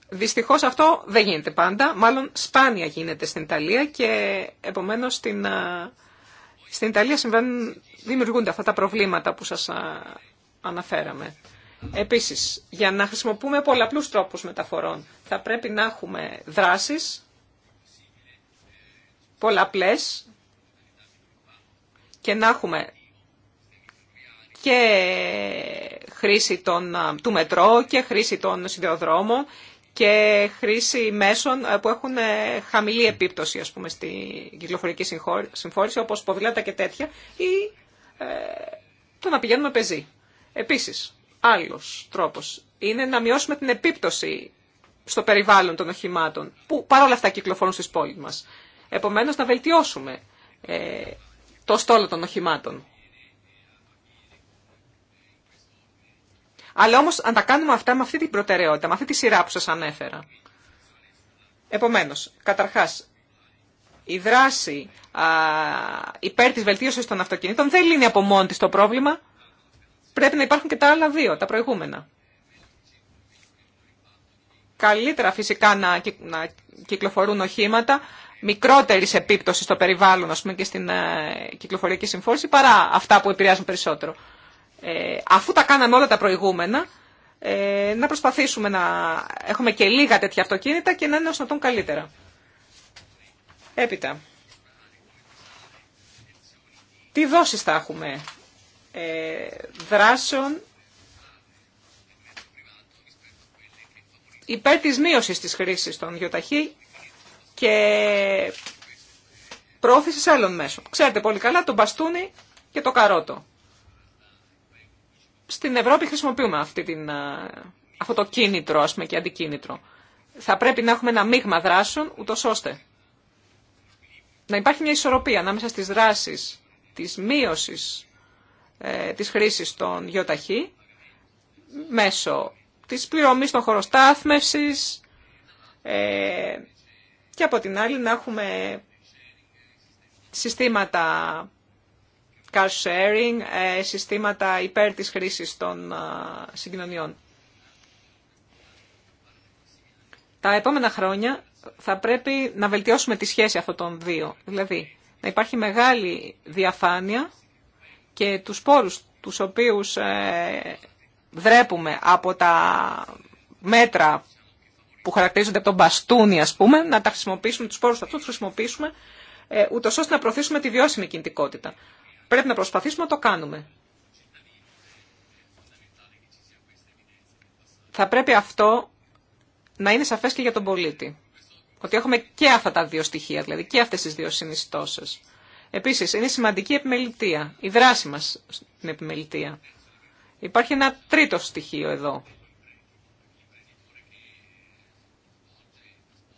Δυστυχώς αυτό δεν γίνεται πάντα, μάλλον σπάνια γίνεται στην Ιταλία και επομένως στην, στην Ιταλία συμβαίνουν, δημιουργούνται αυτά τα προβλήματα που σας αναφέραμε. Επίσης, για να χρησιμοποιούμε πολλαπλούς τρόπους μεταφορών, θα πρέπει να έχουμε δράσεις πολλαπλές και να έχουμε και χρήση των, του μετρό και χρήση των σιδεοδρόμων και χρήση μέσων που έχουν ε, χαμηλή επίπτωση ας πούμε, στην κυκλοφορική συμφόρηση όπως ποδηλάτα και τέτοια ή ε, το να πηγαίνουμε πεζί. Επίσης, άλλος τρόπος είναι να μειώσουμε την επίπτωση στο περιβάλλον των οχημάτων που παρόλα αυτά κυκλοφορούν στις πόλεις μας. Επομένως, να βελτιώσουμε ε, το στόλο των οχημάτων. Αλλά όμω αν τα κάνουμε αυτά με αυτή την προτεραιότητα, με αυτή τη σειρά που σα ανέφερα. Επομένως, καταρχάς, η δράση α, υπέρ τη βελτίωσης των αυτοκινήτων δεν λύνει από μόνη της το πρόβλημα. Πρέπει να υπάρχουν και τα άλλα δύο, τα προηγούμενα. Καλύτερα φυσικά να, να κυκλοφορούν οχήματα μικρότερης επίπτωση στο περιβάλλον πούμε, και στην ε, συμφόρηση παρά αυτά που επηρεάζουν περισσότερο. Ε, αφού τα κάναμε όλα τα προηγούμενα, ε, να προσπαθήσουμε να έχουμε και λίγα τέτοια αυτοκίνητα και να είναι όσο τον καλύτερα. Έπειτα, τι δόσεις θα έχουμε ε, δράσεων υπέρ της μείωσης της χρήσης των γιοταχή και πρόθεσης άλλων μέσων. Ξέρετε πολύ καλά το μπαστούνι και το καρότο στην Ευρώπη χρησιμοποιούμε αυτή την, αυτό το κίνητρο πούμε, και αντικίνητρο. Θα πρέπει να έχουμε ένα μείγμα δράσεων, ούτω ώστε να υπάρχει μια ισορροπία ανάμεσα στις δράσεις της μείωσης ε, της χρήσης των γεωταχή μέσω της πληρωμής των χωροστάθμευσης ε, και από την άλλη να έχουμε συστήματα car sharing, ε, συστήματα υπέρ της χρήσης των ε, συγκοινωνιών. Τα επόμενα χρόνια θα πρέπει να βελτιώσουμε τη σχέση αυτών των δύο. Δηλαδή, να υπάρχει μεγάλη διαφάνεια και τους πόρους τους οποίους ε, δρέπουμε από τα μέτρα που χαρακτηρίζονται από τον μπαστούνι, ας πούμε, να τα χρησιμοποιήσουμε, τους πόρους αυτούς, τους χρησιμοποιήσουμε, ούτως ώστε να προωθήσουμε τη βιώσιμη κινητικότητα. Πρέπει να προσπαθήσουμε να το κάνουμε. Θα πρέπει αυτό να είναι σαφές και για τον πολίτη. Ότι έχουμε και αυτά τα δύο στοιχεία, δηλαδή και αυτές τις δύο συνιστώσεις. Επίσης, είναι σημαντική η επιμελητία, η δράση μας στην επιμελητία. Υπάρχει ένα τρίτο στοιχείο εδώ.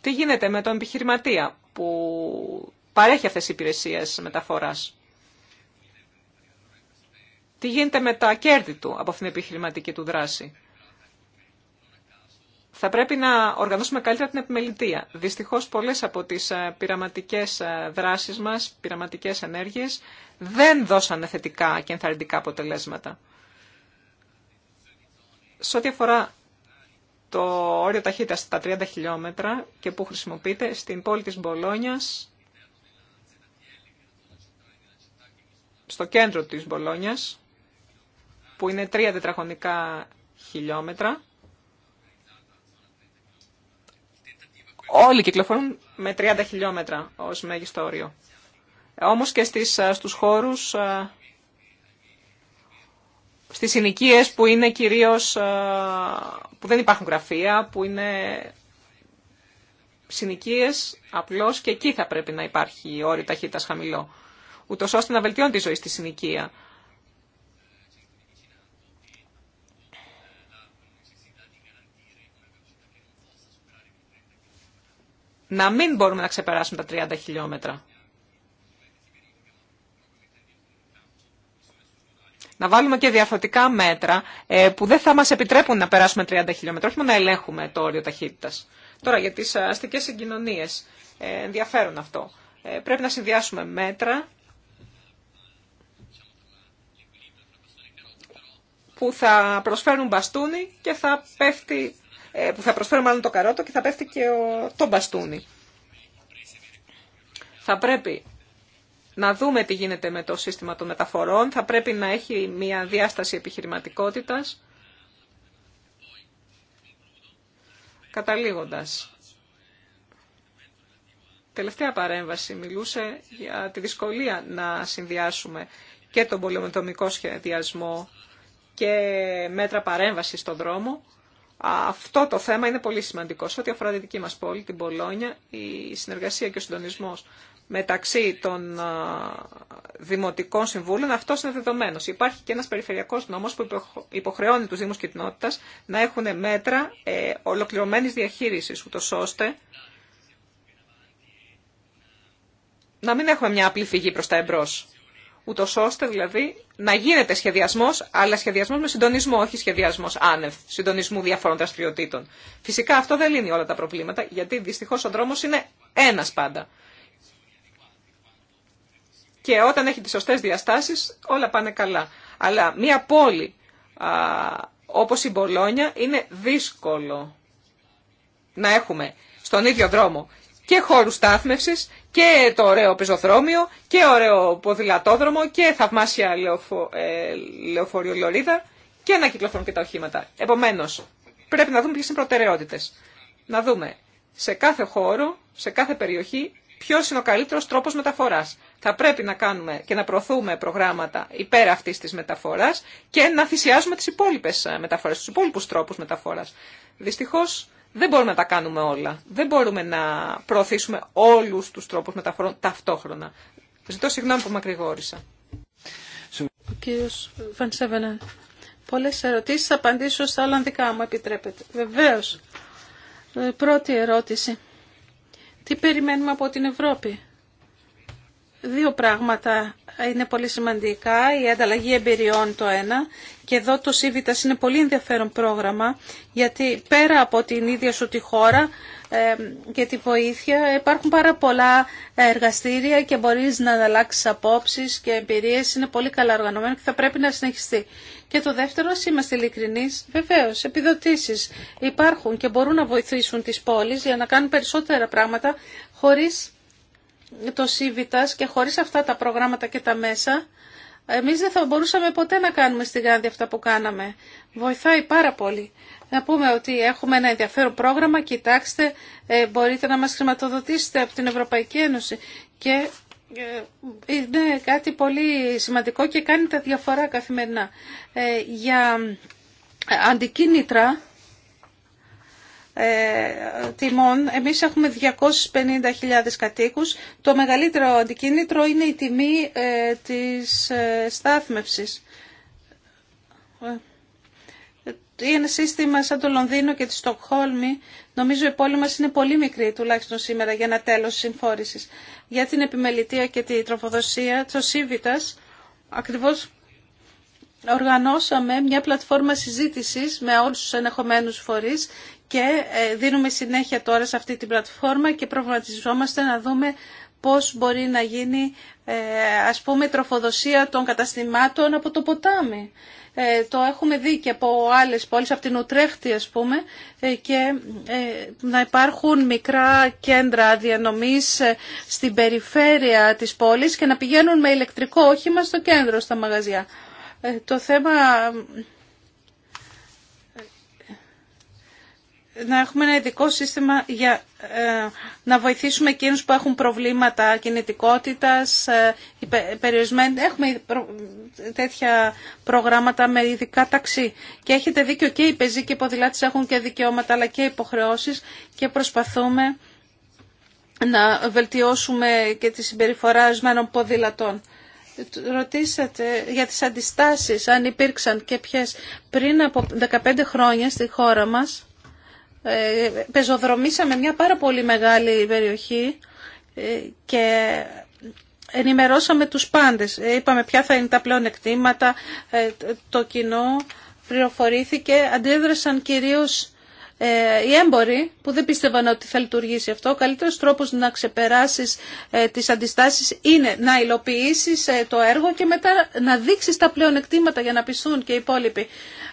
Τι γίνεται με τον επιχειρηματία που παρέχει αυτές τις υπηρεσίες μεταφοράς τι γίνεται με τα κέρδη του από αυτήν την επιχειρηματική του δράση. Θα πρέπει να οργανώσουμε καλύτερα την επιμελητία. Δυστυχώ πολλέ από τις ε, πειραματικές ε, δράσεις μας, πειραματικές ενέργειες, δεν δώσανε θετικά και ενθαρρυντικά αποτελέσματα. Σε ό,τι αφορά το όριο ταχύτητα στα 30 χιλιόμετρα και που χρησιμοποιείται στην πόλη της Μπολόνιας, στο κέντρο της Μπολόνιας, που είναι τρία τετραγωνικά χιλιόμετρα. Όλοι κυκλοφορούν με 30 χιλιόμετρα ως μέγιστο όριο. Όμως και στις, στους χώρους, στις συνοικίες που είναι κυρίως, που δεν υπάρχουν γραφεία, που είναι συνοικίες, απλώς και εκεί θα πρέπει να υπάρχει όριο ταχύτητας χαμηλό, ούτως ώστε να βελτιώνει τη ζωή στη συνοικία να μην μπορούμε να ξεπεράσουμε τα 30 χιλιόμετρα. Να βάλουμε και διαφορετικά μέτρα ε, που δεν θα μας επιτρέπουν να περάσουμε 30 χιλιόμετρα, όχι μόνο να ελέγχουμε το όριο ταχύτητας. Τώρα για τις αστικές συγκοινωνίες, ε, ενδιαφέρον αυτό. Ε, πρέπει να συνδυάσουμε μέτρα που θα προσφέρουν μπαστούνι και θα πέφτει ε, που θα προσφέρουν μάλλον το καρότο και θα πέφτει και το μπαστούνι. Θα πρέπει να δούμε τι γίνεται με το σύστημα των μεταφορών, θα πρέπει να έχει μια διάσταση επιχειρηματικότητας. Καταλήγοντας, τελευταία παρέμβαση μιλούσε για τη δυσκολία να συνδυάσουμε και τον πολεμοτομικό σχεδιασμό και μέτρα παρέμβασης στον δρόμο. Αυτό το θέμα είναι πολύ σημαντικό. Σε ό,τι αφορά τη δική μας πόλη, την Πολόνια, η συνεργασία και ο συντονισμός μεταξύ των δημοτικών συμβούλων, αυτό είναι δεδομένο. Υπάρχει και ένας περιφερειακός νόμος που υποχρεώνει τους Δήμους και κοινότητα να έχουν μέτρα ε, ολοκληρωμένης διαχείρισης, διαχείριση, ώστε να μην έχουμε μια απλή φυγή προ τα εμπρός ούτω ώστε δηλαδή να γίνεται σχεδιασμό, αλλά σχεδιασμό με συντονισμό, όχι σχεδιασμό άνευ, συντονισμού διαφόρων δραστηριοτήτων. Φυσικά αυτό δεν λύνει όλα τα προβλήματα, γιατί δυστυχώ ο δρόμο είναι ένα πάντα. Και όταν έχει τι σωστέ διαστάσει, όλα πάνε καλά. Αλλά μία πόλη όπω όπως η Μπολόνια είναι δύσκολο να έχουμε στον ίδιο δρόμο και χώρους στάθμευσης και το ωραίο πεζοδρόμιο και ωραίο ποδηλατόδρομο και θαυμάσια λεωφο, ε, λεωφορείο λωρίδα και να κυκλοφορούν και τα οχήματα. Επομένως, πρέπει να δούμε ποιε είναι προτεραιότητες. Να δούμε σε κάθε χώρο, σε κάθε περιοχή, ποιο είναι ο καλύτερος τρόπος μεταφοράς. Θα πρέπει να κάνουμε και να προωθούμε προγράμματα υπέρ αυτή τη μεταφορά και να θυσιάζουμε τι υπόλοιπε μεταφορέ, του υπόλοιπου τρόπου μεταφορά. Δυστυχώ. Δεν μπορούμε να τα κάνουμε όλα. Δεν μπορούμε να προωθήσουμε όλους τους τρόπους μεταφορών ταυτόχρονα. Ζητώ συγγνώμη που μακρηγόρησα. Ο κύριος Βανσέβενα, πολλές ερωτήσεις θα απαντήσω στα δικά μου επιτρέπετε. Βεβαίως. Ε, πρώτη ερώτηση. Τι περιμένουμε από την Ευρώπη. Δύο πράγματα είναι πολύ σημαντικά. Η ανταλλαγή εμπειριών το ένα και εδώ το ΣΥΒΙΤΑΣ είναι πολύ ενδιαφέρον πρόγραμμα γιατί πέρα από την ίδια σου τη χώρα και τη βοήθεια υπάρχουν πάρα πολλά εργαστήρια και μπορείς να ανταλλάξεις απόψεις και εμπειρίες. Είναι πολύ καλά οργανωμένο και θα πρέπει να συνεχιστεί. Και το δεύτερο, ας είμαστε ειλικρινεί, βεβαίω, επιδοτήσει υπάρχουν και μπορούν να βοηθήσουν τι πόλει για να κάνουν περισσότερα πράγματα χωρί το ΣΥΒΙΤΑΣ και χωρίς αυτά τα προγράμματα και τα μέσα, εμείς δεν θα μπορούσαμε ποτέ να κάνουμε στην Γάνδη αυτά που κάναμε. Βοηθάει πάρα πολύ. Να πούμε ότι έχουμε ένα ενδιαφέρον πρόγραμμα, κοιτάξτε, ε, μπορείτε να μας χρηματοδοτήσετε από την Ευρωπαϊκή Ένωση. Και ε, είναι κάτι πολύ σημαντικό και κάνει τα διαφορά καθημερινά. Ε, για αντικίνητρα ε, τιμών. Εμείς έχουμε 250.000 κατοίκους. Το μεγαλύτερο αντικίνητρο είναι η τιμή ε, της ε, στάθμευσης. Ένα σύστημα σαν το Λονδίνο και τη Στοκχόλμη, νομίζω η πόλη μας είναι πολύ μικρή τουλάχιστον σήμερα για ένα τέλος συμφόρησης. Για την επιμελητία και τη τροφοδοσία, το Σίβητας, ακριβώς οργανώσαμε μια πλατφόρμα συζήτησης με όλους τους ενεχομένους φορείς και ε, δίνουμε συνέχεια τώρα σε αυτή την πλατφόρμα και προβληματιζόμαστε να δούμε πώς μπορεί να γίνει ε, ας πούμε τροφοδοσία των καταστημάτων από το ποτάμι. Ε, το έχουμε δει και από άλλες πόλεις, από την Ουτρέχτη ας πούμε, και να υπάρχουν μικρά κέντρα διανομής στην περιφέρεια της πόλης και να πηγαίνουν με ηλεκτρικό όχημα στο κέντρο στα μαγαζιά. το θέμα να έχουμε ένα ειδικό σύστημα για ε, να βοηθήσουμε εκείνους που έχουν προβλήματα κινητικότητας, ε, Έχουμε τέτοια προγράμματα με ειδικά ταξί. Και έχετε δίκιο και οι πεζοί και οι ποδηλάτες έχουν και δικαιώματα αλλά και υποχρεώσεις και προσπαθούμε να βελτιώσουμε και τη συμπεριφορά ορισμένων ποδηλατών. Ρωτήσατε για τις αντιστάσεις, αν υπήρξαν και ποιες. Πριν από 15 χρόνια στη χώρα μας, ε, πεζοδρομήσαμε μια πάρα πολύ μεγάλη περιοχή ε, και ενημερώσαμε τους πάντες. Ε, είπαμε ποια θα είναι τα πλέον ε, το κοινό πληροφορήθηκε, αντίδρασαν κυρίως οι έμποροι που δεν πίστευαν ότι θα λειτουργήσει αυτό. Ο καλύτερος τρόπος να ξεπεράσεις τις αντιστάσεις είναι να υλοποιήσεις το έργο και μετά να δείξεις τα πλεονεκτήματα για να πιστούν και οι υπόλοιποι.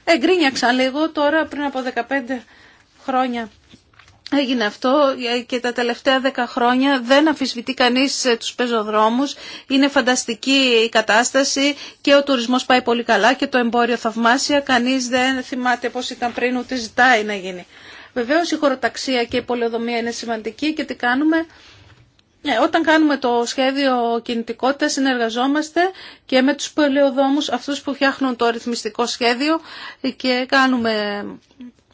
Εγκρίνιαξαν λίγο τώρα πριν από 15 χρόνια έγινε αυτό και τα τελευταία δέκα χρόνια δεν αμφισβητεί κανείς ε, τους πεζοδρόμους. Είναι φανταστική η κατάσταση και ο τουρισμός πάει πολύ καλά και το εμπόριο θαυμάσια. Κανείς δεν θυμάται πώς ήταν πριν ούτε ζητάει να γίνει. Βεβαίως η χωροταξία και η πολεοδομία είναι σημαντική και τι κάνουμε. Ε, όταν κάνουμε το σχέδιο κινητικότητα συνεργαζόμαστε και με του πολεοδόμου, αυτού που φτιάχνουν το ρυθμιστικό σχέδιο ε, και κάνουμε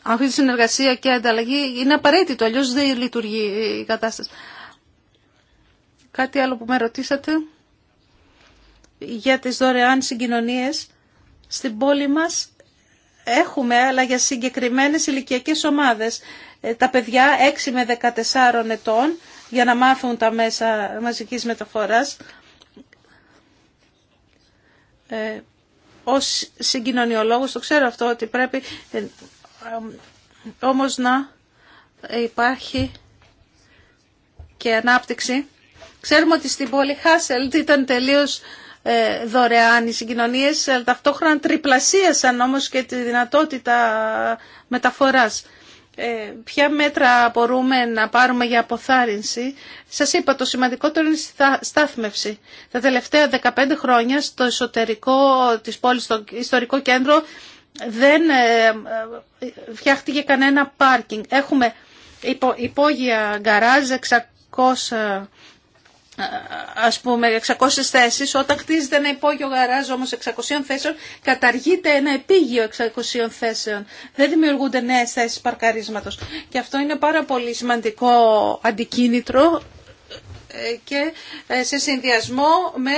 αυτή τη συνεργασία και ανταλλαγή είναι απαραίτητο, αλλιώς δεν λειτουργεί η κατάσταση. Κάτι άλλο που με ρωτήσατε για τις δωρεάν συγκοινωνίες στην πόλη μας έχουμε, αλλά για συγκεκριμένες ηλικιακές ομάδες. Ε, τα παιδιά 6 με 14 ετών για να μάθουν τα μέσα μαζικής μεταφοράς ε, ως συγκοινωνιολόγος το ξέρω αυτό ότι πρέπει ε, όμως να ε, υπάρχει και ανάπτυξη. Ξέρουμε ότι στην πόλη Χάσελτ ήταν τελείως ε, δωρεάν οι συγκοινωνίες, αλλά ταυτόχρονα τριπλασίασαν όμως και τη δυνατότητα μεταφοράς. Ε, ποια μέτρα μπορούμε να πάρουμε για αποθάρρυνση. Σας είπα, το σημαντικότερο είναι η στάθμευση. Τα τελευταία 15 χρόνια στο εσωτερικό της πόλης, στο ιστορικό κέντρο, δεν ε, ε, φτιάχτηκε κανένα πάρκινγκ. Έχουμε υπόγεια γκαράζ 600 ε, ας πούμε 600 θέσεις όταν χτίζεται ένα υπόγειο γαράζ όμως 600 θέσεων καταργείται ένα επίγειο 600 θέσεων δεν δημιουργούνται νέες θέσεις παρκαρίσματος και αυτό είναι πάρα πολύ σημαντικό αντικίνητρο και σε συνδυασμό με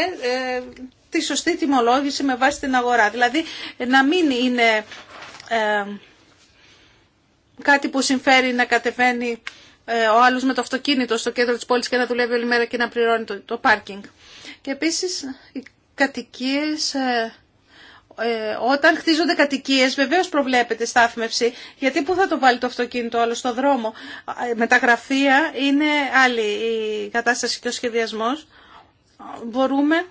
τη σωστή τιμολόγηση με βάση την αγορά. Δηλαδή να μην είναι ε, κάτι που συμφέρει να κατεβαίνει ε, ο άλλος με το αυτοκίνητο στο κέντρο της πόλης και να δουλεύει όλη μέρα και να πληρώνει το, το πάρκινγκ. Και επίσης οι κατοικίες... Ε, ε, όταν χτίζονται κατοικίε, βεβαίω προβλέπεται στάθμευση, γιατί πού θα το βάλει το αυτοκίνητο άλλο στο δρόμο. Με τα γραφεία είναι άλλη η κατάσταση και ο σχεδιασμό. Μπορούμε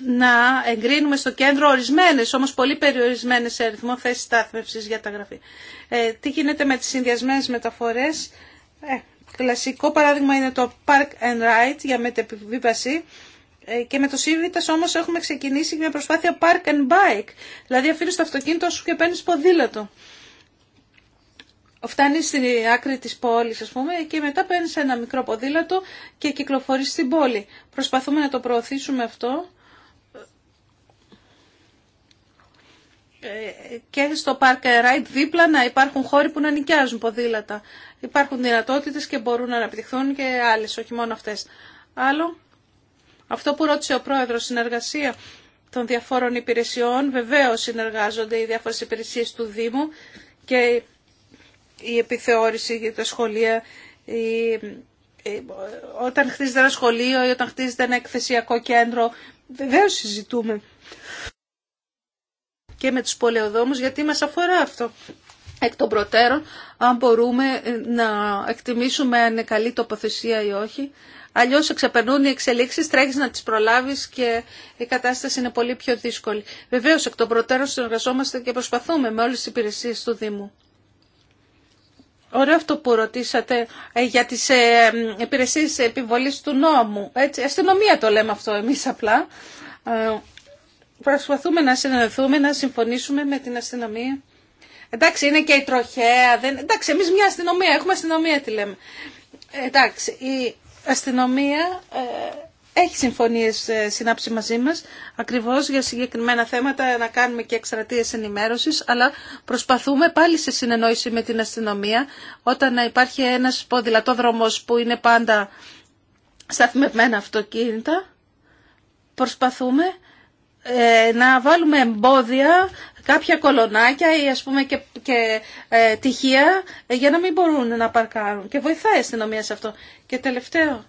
να εγκρίνουμε στο κέντρο ορισμένες, όμως πολύ περιορισμένες σε αριθμό θέσεις στάθμευσης για τα γραφή. Ε, τι γίνεται με τις συνδυασμένες μεταφορές. Ε, κλασικό παράδειγμα είναι το Park and Ride για μετεπιβίβαση. Ε, και με το Civitas όμως έχουμε ξεκινήσει μια προσπάθεια Park and Bike. Δηλαδή αφήνεις το αυτοκίνητο σου και παίρνεις ποδήλατο. Φτάνει στην άκρη της πόλης, ας πούμε, και μετά παίρνεις ένα μικρό ποδήλατο και κυκλοφορείς στην πόλη. Προσπαθούμε να το προωθήσουμε αυτό Ε, και στο Park Ride δίπλα να υπάρχουν χώροι που να νοικιάζουν ποδήλατα. Υπάρχουν δυνατότητες και μπορούν να αναπτυχθούν και άλλες, όχι μόνο αυτές. Άλλο, αυτό που ρώτησε ο Πρόεδρος, συνεργασία των διαφόρων υπηρεσιών. Βεβαίως συνεργάζονται οι διάφορες υπηρεσίες του Δήμου και η επιθεώρηση για τα σχολεία, η... όταν χτίζεται ένα σχολείο ή όταν χτίζεται ένα εκθεσιακό κέντρο. Βεβαίως συζητούμε και με τους πολεοδόμους γιατί μας αφορά αυτό. Εκ των προτέρων, αν μπορούμε να εκτιμήσουμε αν είναι καλή τοποθεσία ή όχι. Αλλιώς εξεπερνούν οι εξελίξεις, τρέχεις να τις προλάβεις και η κατάσταση είναι πολύ πιο δύσκολη. Βεβαίως, εκ των προτέρων συνεργαζόμαστε και προσπαθούμε με όλες τις υπηρεσίες του Δήμου. Ωραίο αυτό που ρωτήσατε ε, για τις ε, υπηρεσίες επιβολής του νόμου. Έτσι, αστυνομία το λέμε αυτό εμείς απλά. Ε, προσπαθούμε να συνεννοηθούμε, να συμφωνήσουμε με την αστυνομία. Εντάξει, είναι και η τροχέα. Δεν... Εντάξει, εμείς μια αστυνομία, έχουμε αστυνομία τη λέμε. Εντάξει, η αστυνομία ε, έχει συμφωνίες ε, συνάψει μαζί μας, ακριβώς για συγκεκριμένα θέματα να κάνουμε και εκστρατείες ενημέρωσης, αλλά προσπαθούμε πάλι σε συνεννόηση με την αστυνομία, όταν υπάρχει ένας ποδηλατόδρομος που είναι πάντα σταθμευμένα αυτοκίνητα, προσπαθούμε ε, να βάλουμε εμπόδια, κάποια κολονάκια ή ας πούμε και, και ε, τυχεία ε, για να μην μπορούν να παρκάρουν. Και βοηθάει η αστυνομία σε αυτό. Και τελευταίο,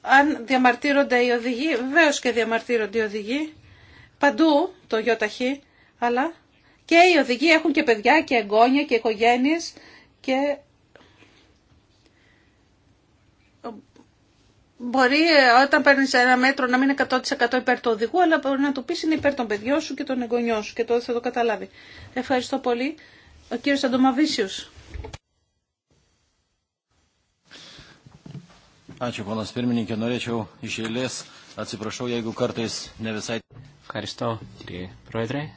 αν διαμαρτύρονται οι οδηγοί, βεβαίω και διαμαρτύρονται οι οδηγοί, παντού το ΙΟΤΑΧΗ, αλλά και οι οδηγοί έχουν και παιδιά και εγγόνια και οικογένειες και Μπορεί ε, όταν παίρνει ένα μέτρο να μην είναι 100% υπέρ του οδηγού, αλλά μπορεί να του πει είναι υπέρ των παιδιών σου και των εγγονιών σου και τότε θα το καταλάβει. Ευχαριστώ πολύ. Ο κύριος Αντομαβίσιο. Ευχαριστώ κύριε Πρόεδρε.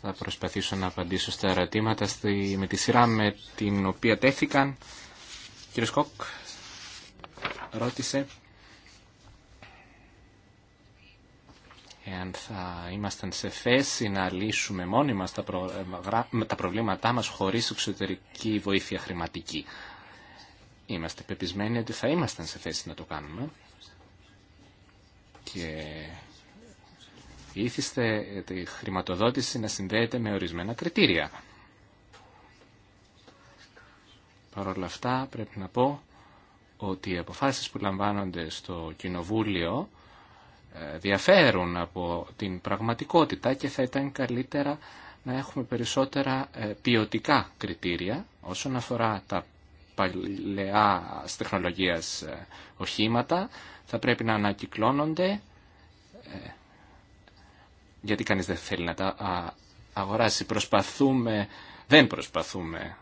Θα προσπαθήσω να απαντήσω στα ερωτήματα στη, με τη σειρά με την οποία τέθηκαν. Κύριε Σκόκ, ρώτησε εάν θα ήμασταν σε θέση να λύσουμε μόνοι μας τα, ε, τα προβλήματά μας χωρίς εξωτερική βοήθεια χρηματική. Είμαστε πεπισμένοι ότι θα ήμασταν σε θέση να το κάνουμε και ήθιστε τη χρηματοδότηση να συνδέεται με ορισμένα κριτήρια. Παρ' όλα αυτά πρέπει να πω ότι οι αποφάσεις που λαμβάνονται στο Κοινοβούλιο ε, διαφέρουν από την πραγματικότητα και θα ήταν καλύτερα να έχουμε περισσότερα ε, ποιοτικά κριτήρια όσον αφορά τα παλαιά τεχνολογίας ε, οχήματα. Θα πρέπει να ανακυκλώνονται γιατί κανείς δεν θέλει να τα αγοράσει. Προσπαθούμε, δεν προσπαθούμε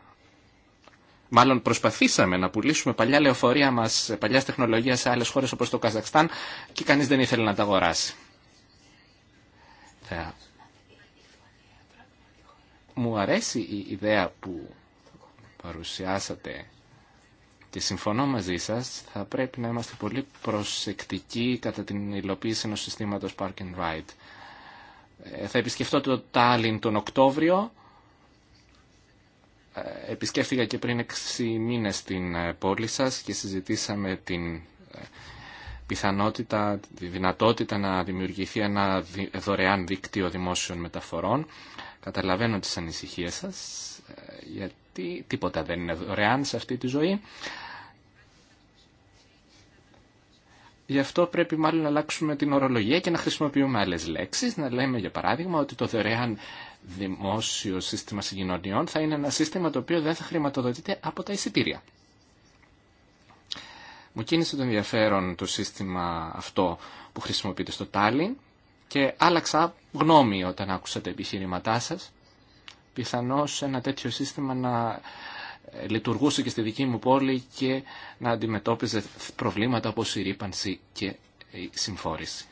μάλλον προσπαθήσαμε να πουλήσουμε παλιά λεωφορεία μας, παλιά τεχνολογίας σε άλλες χώρες όπως το Καζακστάν και κανείς δεν ήθελε να τα αγοράσει. Μου αρέσει η ιδέα που παρουσιάσατε και συμφωνώ μαζί σας, θα πρέπει να είμαστε πολύ προσεκτικοί κατά την υλοποίηση ενός συστήματος Park and Ride. Ε, θα επισκεφτώ το Τάλιν τον Οκτώβριο ε, επισκέφτηκα και πριν 6 μήνες την ε, πόλη σας και συζητήσαμε την ε, πιθανότητα, τη δυνατότητα να δημιουργηθεί ένα δωρεάν δίκτυο δημόσιων μεταφορών. Καταλαβαίνω τις ανησυχίες σας, γιατί τίποτα δεν είναι δωρεάν σε αυτή τη ζωή. Γι' αυτό πρέπει μάλλον να αλλάξουμε την ορολογία και να χρησιμοποιούμε άλλες λέξεις, να λέμε για παράδειγμα ότι το δωρεάν δημόσιο σύστημα συγκοινωνιών θα είναι ένα σύστημα το οποίο δεν θα χρηματοδοτείται από τα εισιτήρια. Μου κίνησε το ενδιαφέρον το σύστημα αυτό που χρησιμοποιείται στο Τάλιν και άλλαξα γνώμη όταν άκουσα τα επιχείρηματά σας. Πιθανώς ένα τέτοιο σύστημα να ε, λειτουργούσε και στη δική μου πόλη και να αντιμετώπιζε προβλήματα όπως η ρήπανση και η συμφόρηση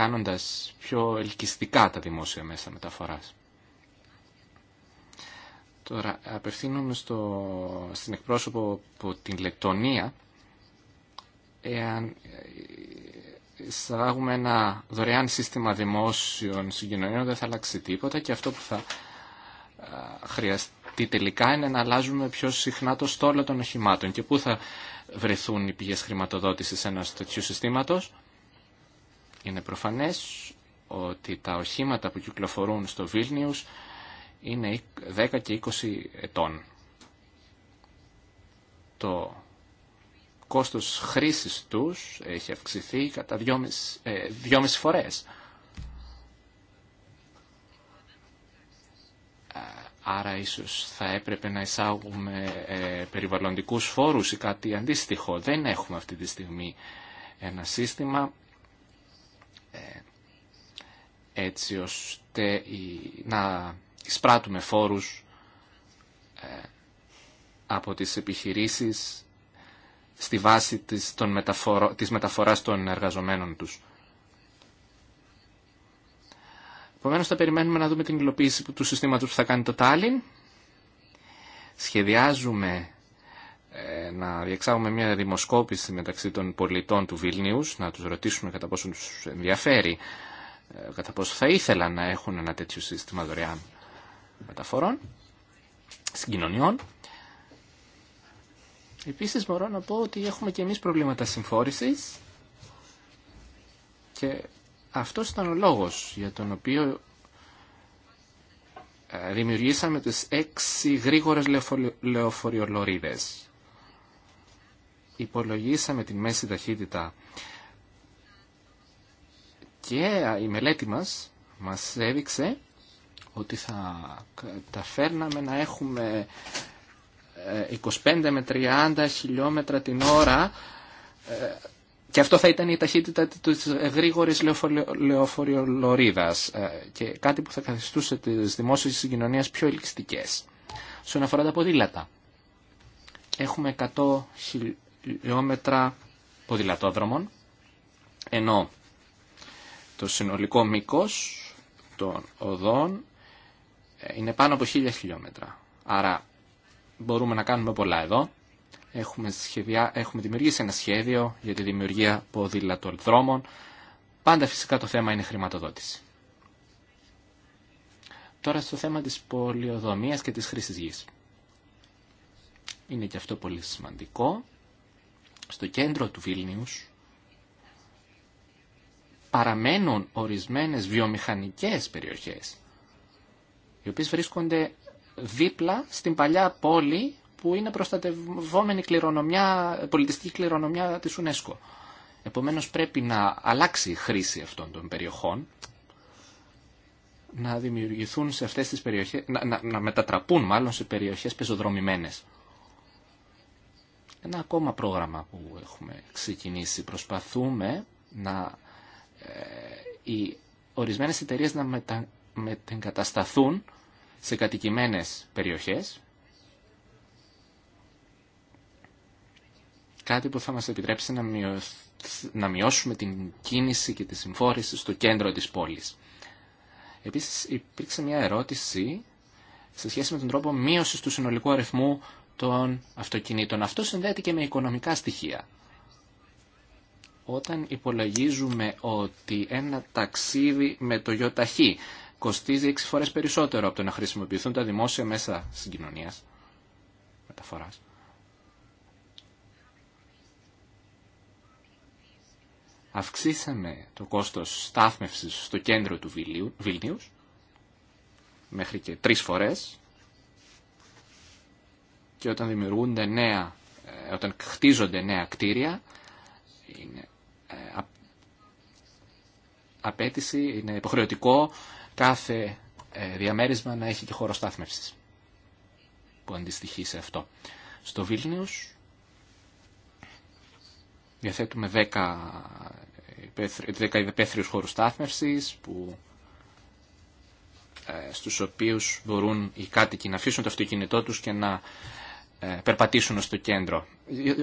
κάνοντας πιο ελκυστικά τα δημόσια μέσα μεταφοράς. Τώρα, απευθύνομαι στο, στην εκπρόσωπο από την Λεκτονία. Εάν ε, εισαγάγουμε ένα δωρεάν σύστημα δημόσιων συγκοινωνίων δεν θα αλλάξει τίποτα και αυτό που θα χρειαστεί τελικά είναι να αλλάζουμε πιο συχνά το στόλο των οχημάτων και πού θα βρεθούν οι πηγές χρηματοδότησης ενός τέτοιου συστήματος είναι προφανές ότι τα οχήματα που κυκλοφορούν στο Βίλνιους είναι 10 και 20 ετών. Το κόστος χρήσης τους έχει αυξηθεί κατά 2,5 ε, φορές. Άρα ίσως θα έπρεπε να εισάγουμε ε, περιβαλλοντικούς φόρους ή κάτι αντίστοιχο. Δεν έχουμε αυτή τη στιγμή ένα σύστημα έτσι ώστε να εισπράττουμε φόρους ε, από τις επιχειρήσεις στη βάση της, των μεταφορο, της μεταφοράς των εργαζομένων τους. Επομένω θα περιμένουμε να δούμε την υλοποίηση του συστήματος που θα κάνει το Τάλιν. Σχεδιάζουμε ε, να διεξάγουμε μια δημοσκόπηση μεταξύ των πολιτών του Βιλνίους, να τους ρωτήσουμε κατά πόσο τους ενδιαφέρει ε, κατά πόσο θα ήθελαν να έχουν ένα τέτοιο σύστημα δωρεάν μεταφορών, συγκοινωνιών. Επίσης μπορώ να πω ότι έχουμε και εμείς προβλήματα συμφόρησης και αυτό ήταν ο λόγος για τον οποίο ε, δημιουργήσαμε τις έξι γρήγορες λεωφοριολορίδες. Υπολογίσαμε την μέση ταχύτητα και η μελέτη μας μας έδειξε ότι θα καταφέρναμε να έχουμε 25 ε, με 30 χιλιόμετρα την ώρα ε, και αυτό θα ήταν η ταχύτητα της γρήγορης λεωφοριολορίδας ε, και κάτι που θα καθιστούσε τις δημόσιες συγκοινωνίες πιο ελκυστικές. Στον αφορά τα ποδήλατα, έχουμε 100 χιλιόμετρα ποδηλατόδρομων, ενώ το συνολικό μήκος των οδών ε, είναι πάνω από 1000 χιλιόμετρα. Άρα μπορούμε να κάνουμε πολλά εδώ. Έχουμε, σχεδιά, έχουμε δημιουργήσει ένα σχέδιο για τη δημιουργία δρόμων. Πάντα φυσικά το θέμα είναι χρηματοδότηση. Τώρα στο θέμα της πολιοδομίας και της χρήσης γης. Είναι και αυτό πολύ σημαντικό. Στο κέντρο του Βίλνιους παραμένουν ορισμένες βιομηχανικές περιοχές, οι οποίες βρίσκονται δίπλα στην παλιά πόλη που είναι προστατευόμενη κληρονομιά, πολιτιστική κληρονομιά της UNESCO. Επομένως πρέπει να αλλάξει η χρήση αυτών των περιοχών, να δημιουργηθούν σε αυτές τις περιοχές, να, να μετατραπούν μάλλον σε περιοχές πεζοδρομημένες. Ένα ακόμα πρόγραμμα που έχουμε ξεκινήσει. Προσπαθούμε να ε, οι ορισμένες εταιρείες να μετα, μετεγκατασταθούν σε κατοικημένες περιοχές, κάτι που θα μας επιτρέψει να, μειώσουμε την κίνηση και τη συμφόρηση στο κέντρο της πόλης. Επίσης υπήρξε μια ερώτηση σε σχέση με τον τρόπο μείωσης του συνολικού αριθμού των αυτοκινήτων. Αυτό συνδέεται και με οικονομικά στοιχεία. Όταν υπολογίζουμε ότι ένα ταξίδι με το ΙΟΤΑΧΗ κοστίζει 6 φορές περισσότερο από το να χρησιμοποιηθούν τα δημόσια μέσα συγκοινωνίας, μεταφοράς, αυξήσαμε το κόστος στάθμευσης στο κέντρο του Βιλνίους μέχρι και τρεις φορές και όταν δημιουργούνται νέα, ε, όταν χτίζονται νέα κτίρια είναι ε, απέτηση, είναι υποχρεωτικό κάθε ε, διαμέρισμα να έχει και χώρο στάθμευσης που αντιστοιχεί σε αυτό. Στο Βίλνιους διαθέτουμε 10, 10 υπαίθριους χώρους στάθμευσης που ε, στους οποίους μπορούν οι κάτοικοι να αφήσουν το αυτοκίνητό τους και να ε, περπατήσουν στο κέντρο.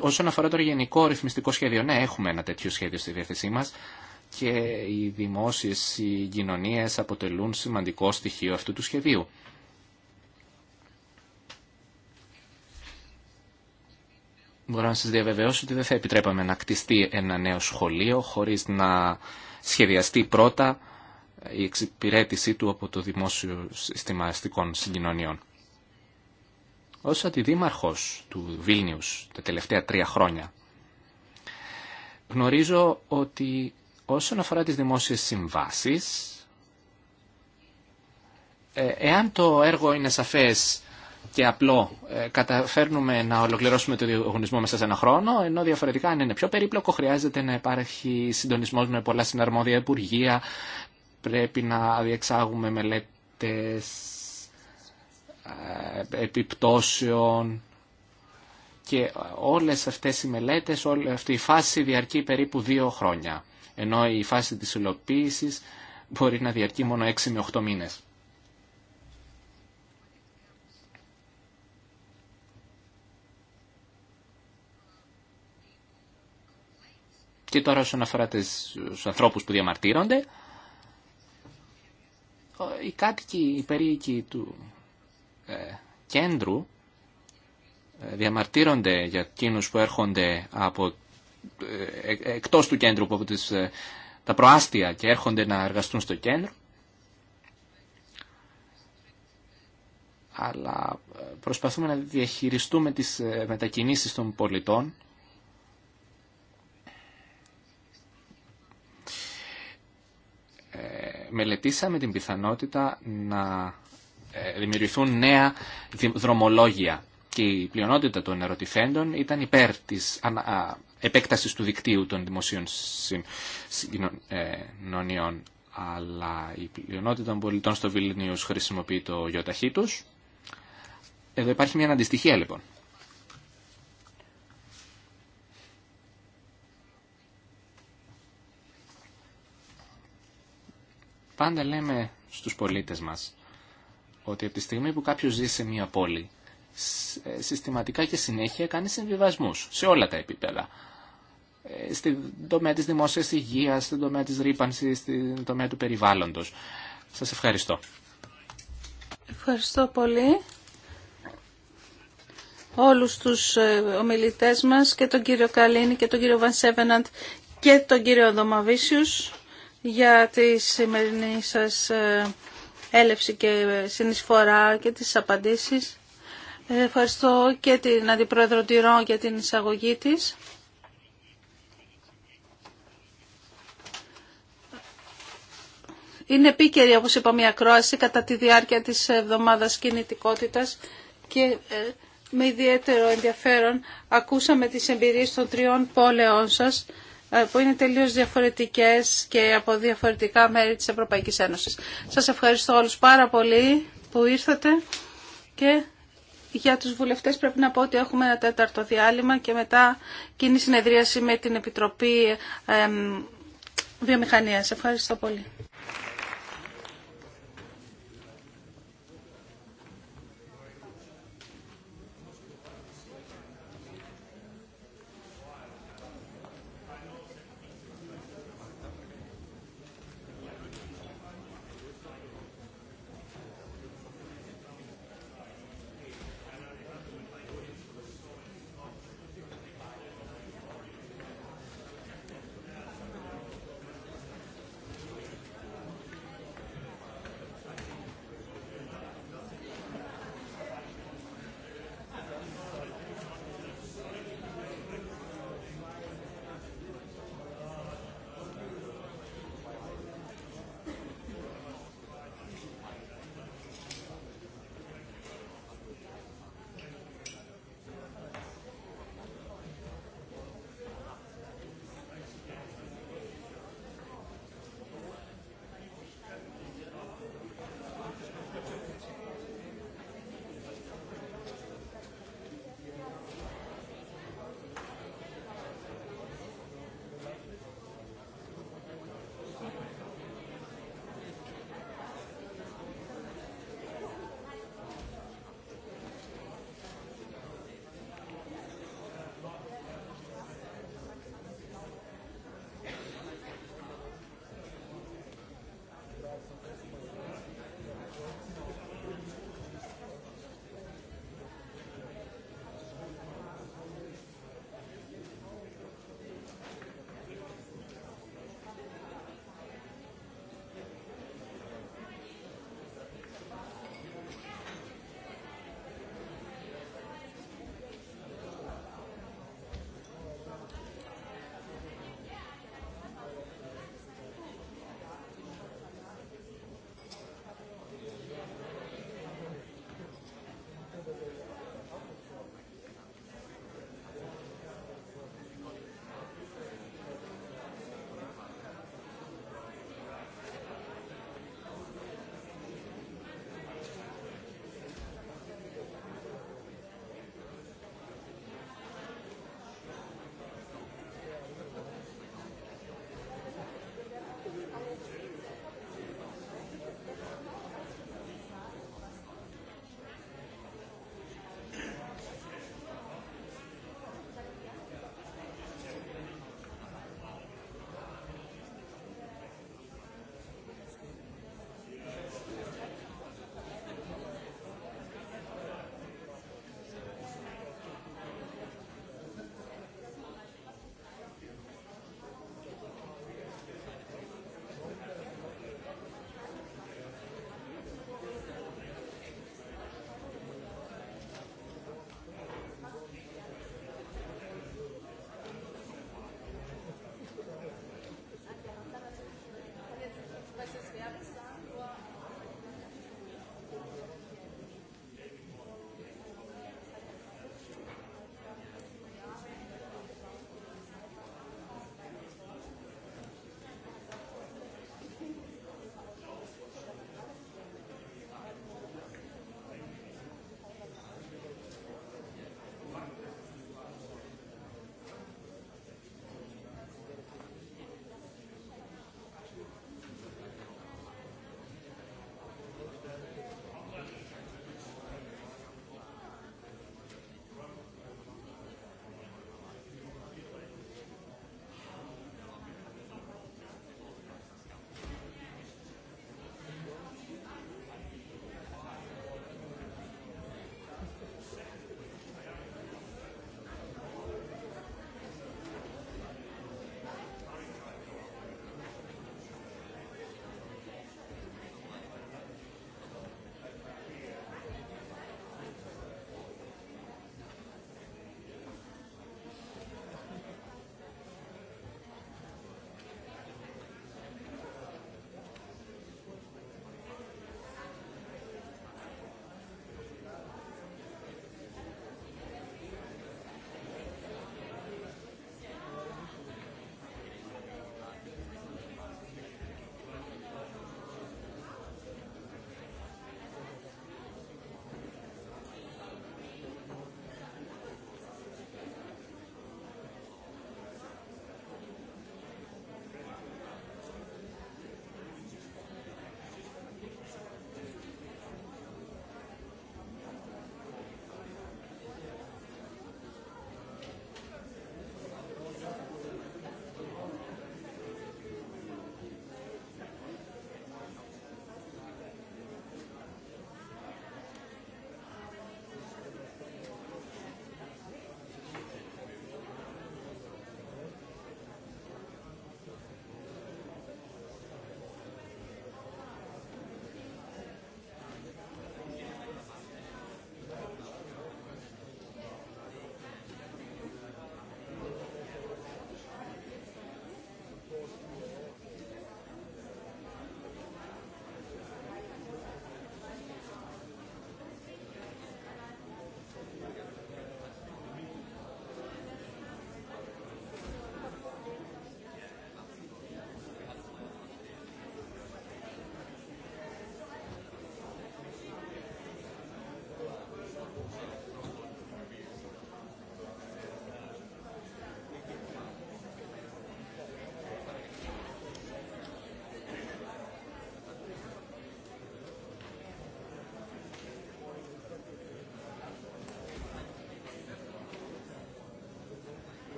Όσον αφορά το γενικό ρυθμιστικό σχέδιο, ναι, έχουμε ένα τέτοιο σχέδιο στη διευθυνσή μα και οι δημόσιες οι αποτελούν σημαντικό στοιχείο αυτού του σχεδίου. Μπορώ να σας διαβεβαιώσω ότι δεν θα επιτρέπαμε να κτιστεί ένα νέο σχολείο χωρίς να σχεδιαστεί πρώτα η εξυπηρέτησή του από το Δημόσιο συστημαστικών Συγκοινωνιών ως αντιδήμαρχος του Βίλνιους τα τελευταία τρία χρόνια. Γνωρίζω ότι όσον αφορά τις δημόσιες συμβάσεις, ε, εάν το έργο είναι σαφές και απλό, ε, καταφέρνουμε να ολοκληρώσουμε το διαγωνισμό μέσα σε ένα χρόνο, ενώ διαφορετικά αν είναι πιο περίπλοκο χρειάζεται να υπάρχει συντονισμός με πολλά συναρμόδια υπουργεία, πρέπει να διεξάγουμε μελέτες ε, επιπτώσεων και όλες αυτές οι μελέτες, όλη αυτή η φάση διαρκεί περίπου δύο χρόνια, ενώ η φάση της υλοποίησης μπορεί να διαρκεί μόνο έξι με 8 μήνες. Και τώρα όσον αφορά τους ανθρώπους που διαμαρτύρονται, οι κάτοικοι, οι περίοικοι του ε, κέντρου ε, διαμαρτύρονται για εκείνους που έρχονται από, ε, εκτός του κέντρου, από τις, τα προάστια και έρχονται να εργαστούν στο κέντρο. Αλλά προσπαθούμε να διαχειριστούμε τις μετακινήσεις των πολιτών μελετήσαμε την πιθανότητα να ε, δημιουργηθούν νέα δρομολόγια. Και η πλειονότητα των ερωτηθέντων ήταν υπέρ της επέκτασης του δικτύου των δημοσίων συγκοινωνιών. Ε, Αλλά η πλειονότητα των πολιτών στο Βιλνίους χρησιμοποιεί το γιοταχή τους. Εδώ υπάρχει μια αντιστοιχία λοιπόν. Πάντα λέμε στους πολίτες μας ότι από τη στιγμή που κάποιο ζει σε μία πόλη, ε, συστηματικά και συνέχεια κάνει συμβιβασμού σε όλα τα επίπεδα. Ε, στην τομέα της δημόσια υγεία, στην τομέα της ρήπανση, στην τομέα του περιβάλλοντος. Σας ευχαριστώ. Ευχαριστώ πολύ όλους τους ε, ομιλητές μας και τον κύριο Καλίνη και τον κύριο Βανσέβεναντ και τον κύριο Δωμαβίσιους για τη σημερινή σας έλευση και συνεισφορά και τις απαντήσεις. Ε, ευχαριστώ και την Αντιπρόεδρο Τυρό για την εισαγωγή της. Είναι επίκαιρη, όπως είπαμε, μια ακρόαση κατά τη διάρκεια της εβδομάδας κινητικότητας και ε, με ιδιαίτερο ενδιαφέρον ακούσαμε τις εμπειρίες των τριών πόλεων σας ε, που είναι τελείως διαφορετικές και από διαφορετικά μέρη της Ευρωπαϊκής Ένωσης. Σας ευχαριστώ όλους πάρα πολύ που ήρθατε και για τους βουλευτές πρέπει να πω ότι έχουμε ένα τέταρτο διάλειμμα και μετά κοινή συνεδρίαση με την Επιτροπή Βιομηχανίας. Ευχαριστώ πολύ.